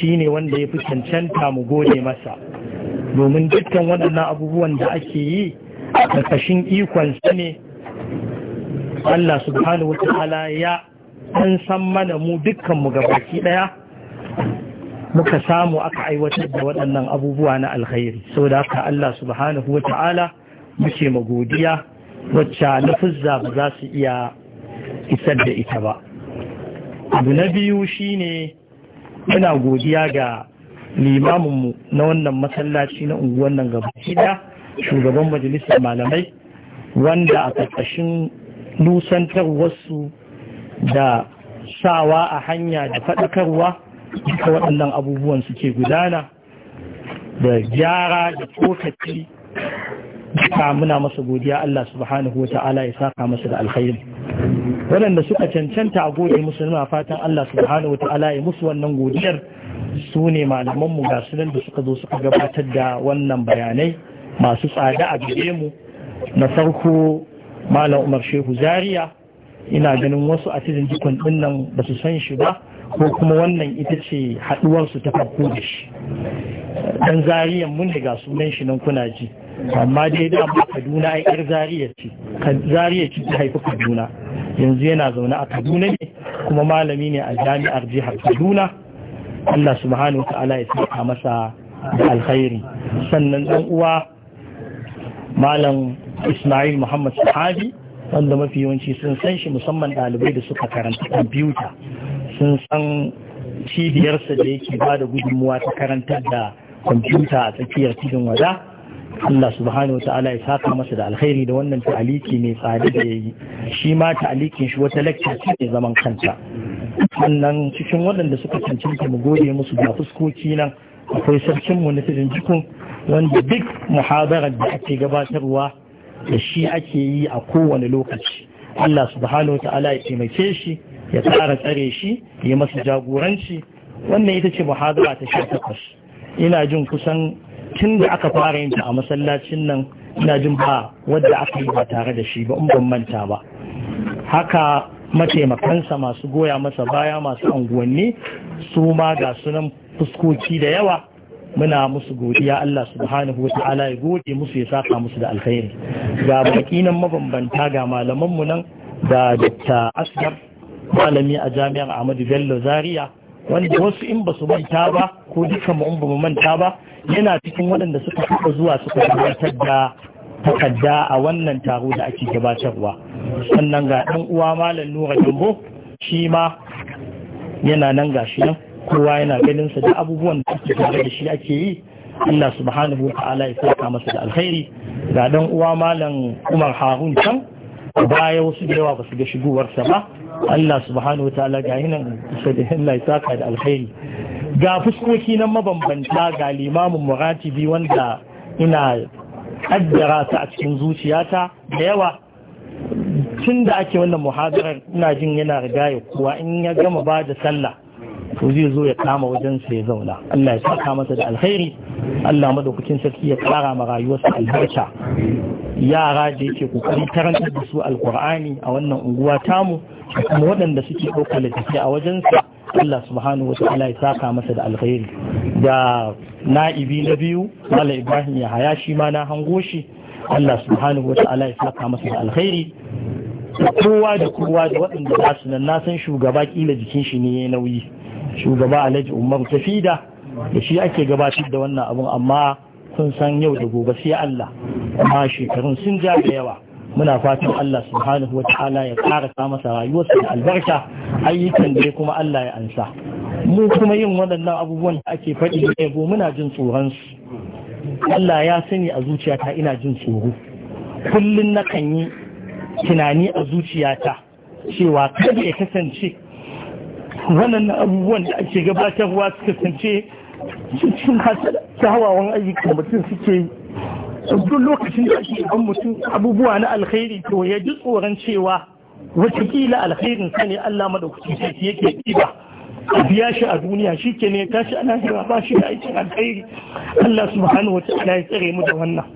Speaker 7: shine wanda ya fi cancanta mu gode masa domin dukkan waɗannan abubuwan da ake yi a ƙarƙashin ikonsa ne Allah subhanahu wa Ta'ala ya ɗan san mana mu dukkanmu baki ɗaya muka samu aka aiwatar da waɗannan abubuwa na alkhairi sau da haka Allah subhanahu wa ta'ala muke magodiya wacce fuzza ba za su iya isar da ita ba abu na biyu shine yana godiya ga limaminmu na wannan masallaci na unguwan nan gaba shida shugaban majalisar malamai wanda a ƙarƙashin wasu da sawa a hanya da faɗakarwa duka waɗannan abubuwan suke gudana da gyara da tsokaci duka muna masa godiya Allah subhanahu wa ta'ala ya saka masa da alkhairi waɗanda suka cancanta a gode musu nuna fatan Allah subhanahu wa ta'ala ya musu wannan godiyar su ne malamanmu ga sunan da suka zo suka gabatar da wannan bayanai masu tsada a gare mu na farko malam umar shehu zaria ina ganin wasu a cikin jikon dinnan ba su san shi ba ko kuma wannan ita ce su ta farko da shi dan zariyan mun daga sunan shi nan kuna ji amma dai da ba kaduna ai ir zariya ce zariya ce ta haifi kaduna yanzu yana zaune a kaduna ne kuma malami ne a jami'ar jihar kaduna Allah subhanahu ta'ala ya saka masa da alkhairi sannan dan uwa malam Ismail Muhammad Sahabi wanda mafi yawanci sun san shi musamman ɗalibai da suka karanta kwamfuta sun san cibiyarsa da yake ba da gudunmuwa ta karantar da kwamfuta a tsakiyar cikin wada Allah subhanahu wa ta'ala ya saka masa da alkhairi da wannan ta'aliki mai tsada da ya yi shi ma ta'alikin shi wata lakta ce zaman kanta sannan cikin waɗanda suka cancanta mu gode musu da fuskoki nan akwai sarkin mu na tudun jikun wanda duk muhabarar da ake gabatarwa da shi ake yi a kowane lokaci Allah subhanahu wa ta'ala ya taimake shi ya tsara tsare shi ya masa jagoranci wannan ita ce muhabara ta sha takwas ina jin kusan tun da aka fara yin ta a masallacin nan ina jin ba wadda aka yi ba tare da shi ba in ban manta ba haka mataimakansa masu goya masa baya masu anguwanni su ma ga sunan fuskoki da yawa muna musu godiya Allah subhanahu wa ta'ala ya gode musu ya saka musu da alkhairi ga bakinan mabambanta ga malamanmu nan da Dr. Asgar malami a jami'ar Ahmadu Bello Zaria wanda wasu in ba su manta ba ko dukkan mu in ba mu manta ba yana cikin waɗanda suka fita zuwa suka gabatar da takarda a wannan taro da ake gabatarwa sannan ga ɗan uwa malam nura jambo shi ma yana nan ga shi nan kowa yana ganin sa da abubuwan da ake tare da shi ake yi Allah subhanahu wa ta'ala ya saka masa da alkhairi ga ɗan uwa malam Umar Harun can baya wasu da yawa ba su ga sa ba Allah subhanahu wa ta'ala ga hinan Allah ya saka da alkhairi ga fuskoki nan mabambanta ga limamin muratibi wanda ina kaddara ta a cikin zuciyata da yawa tun da ake wannan muhadarar ina jin yana riga ya kuwa in ya gama ba da sallah to zai zo ya kama wajen sa ya zauna Allah ya saka masa da alkhairi Allah madaukakin sarki ya kara ma rayuwarsa albarka yara da yake kokari karantar da su alkur'ani a wannan unguwa tamu kuma waɗanda suke ɗauka littafi a wajen sa, Allah subhanahu wa ta'ala ya saka masa da alkhairi da na'ibi na biyu Malam Ibrahim ya haya shi ma na hango shi Allah subhanahu wa ta'ala ya saka masa da alkhairi kowa da kowa da waɗanda za su nan nasan shugaba kila jikin shi ne ya nauyi shugaba alhaji umar tafida da shi ake gabatar da wannan abun amma sun san yau da gobe sai Allah amma shekarun sun ja da yawa muna fatan Allah subhanahu wa ta'ala ya karasa masa rayuwarsa da albarka ayyukan da kuma Allah ya ansa mu kuma yin waɗannan abubuwan da ake faɗi da yabo muna jin tsoron su Allah ya sani a zuciyata ina jin tsoro kullum na kan yi tunani a zuciyata cewa kada ya kasance wannan abubuwan da ake gabatarwa su kasance cikin hasada ayyukan mutum suke yi duk lokacin da ake ban mutum abubuwa na alkhairi to ya ji tsoron cewa watakila alkhairin sa ne Allah madaukacin yake ɗiba a biya shi a duniya shi ke ne tashi a lahira ba shi da aikin alkhairi Allah subhanahu wa ta'ala ya tsare mu da wannan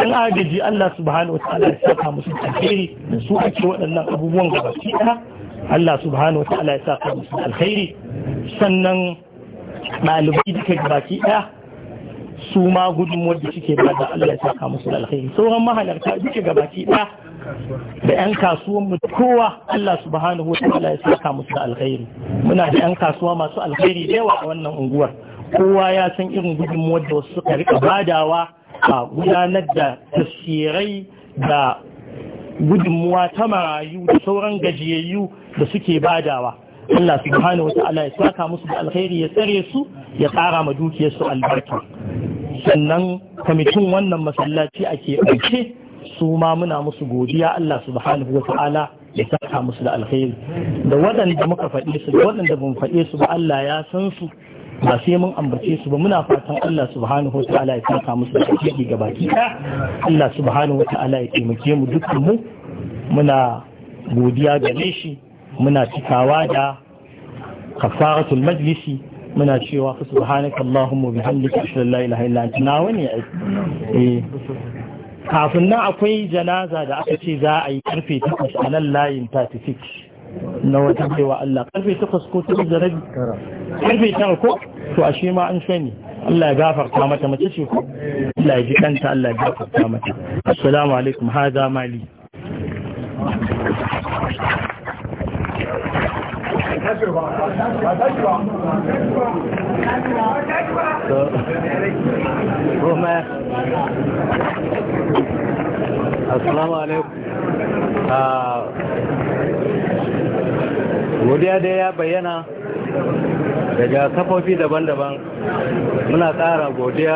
Speaker 7: an agaji Allah subhanahu wa ta'ala ya saka musu alkhairi da su ake waɗannan abubuwan baki ɗaya Allah subhanahu wa ta'ala ya saka musu alkhairi sannan ɗalibai duka baki ɗaya su ma gudun wadda suke ba da Allah ta kama su alkhairi sauran mahalarta duka gabaki ɗaya da yan kasuwan mu kowa Allah subhanahu wa ta'ala ya saka musu da alkhairi muna da yan kasuwa masu alkhairi da yawa a wannan unguwar kowa ya san irin gudun wadda wasu suka rika badawa a gudanar da tasirai da gudunmuwa ta marayu da sauran gajiyayyu da suke badawa Allah subhanahu wa ta'ala ya saka musu da alkhairi ya tsare su ya tsara ma dukiyarsu albarka sannan kwamitin wannan masallaci ake keɓance su ma muna musu godiya Allah subhanahu wa ta'ala ya saka musu da alkhairi da waɗanda muka faɗe su da waɗanda ban faɗe su ba Allah ya san su ba sai mun ambace su ba muna fatan Allah subhanahu wa ta'ala ya saka musu da alkhairi ga baki Allah subhanahu wa ta'ala ya taimake mu dukkan mu muna godiya gare shi muna cikawa da kafaratul majlisi muna cewa ku subhanaka allahumma bihamdika ashhadu an la ilaha illa anta nawa ne eh kafin nan akwai janaza da aka ce za a yi karfe takwas a nan layin 36 na wata cewa Allah karfe takwas ko 9 da rabi karfe tara ko to a shi ma an sani Allah ya gafarta mata mace ce ko Allah ya ji kanta Allah ya gafarta mata assalamu alaikum hada mali
Speaker 3: tashi ah, ba godiya da ya bayyana daga kafofi daban-daban muna tsara godiya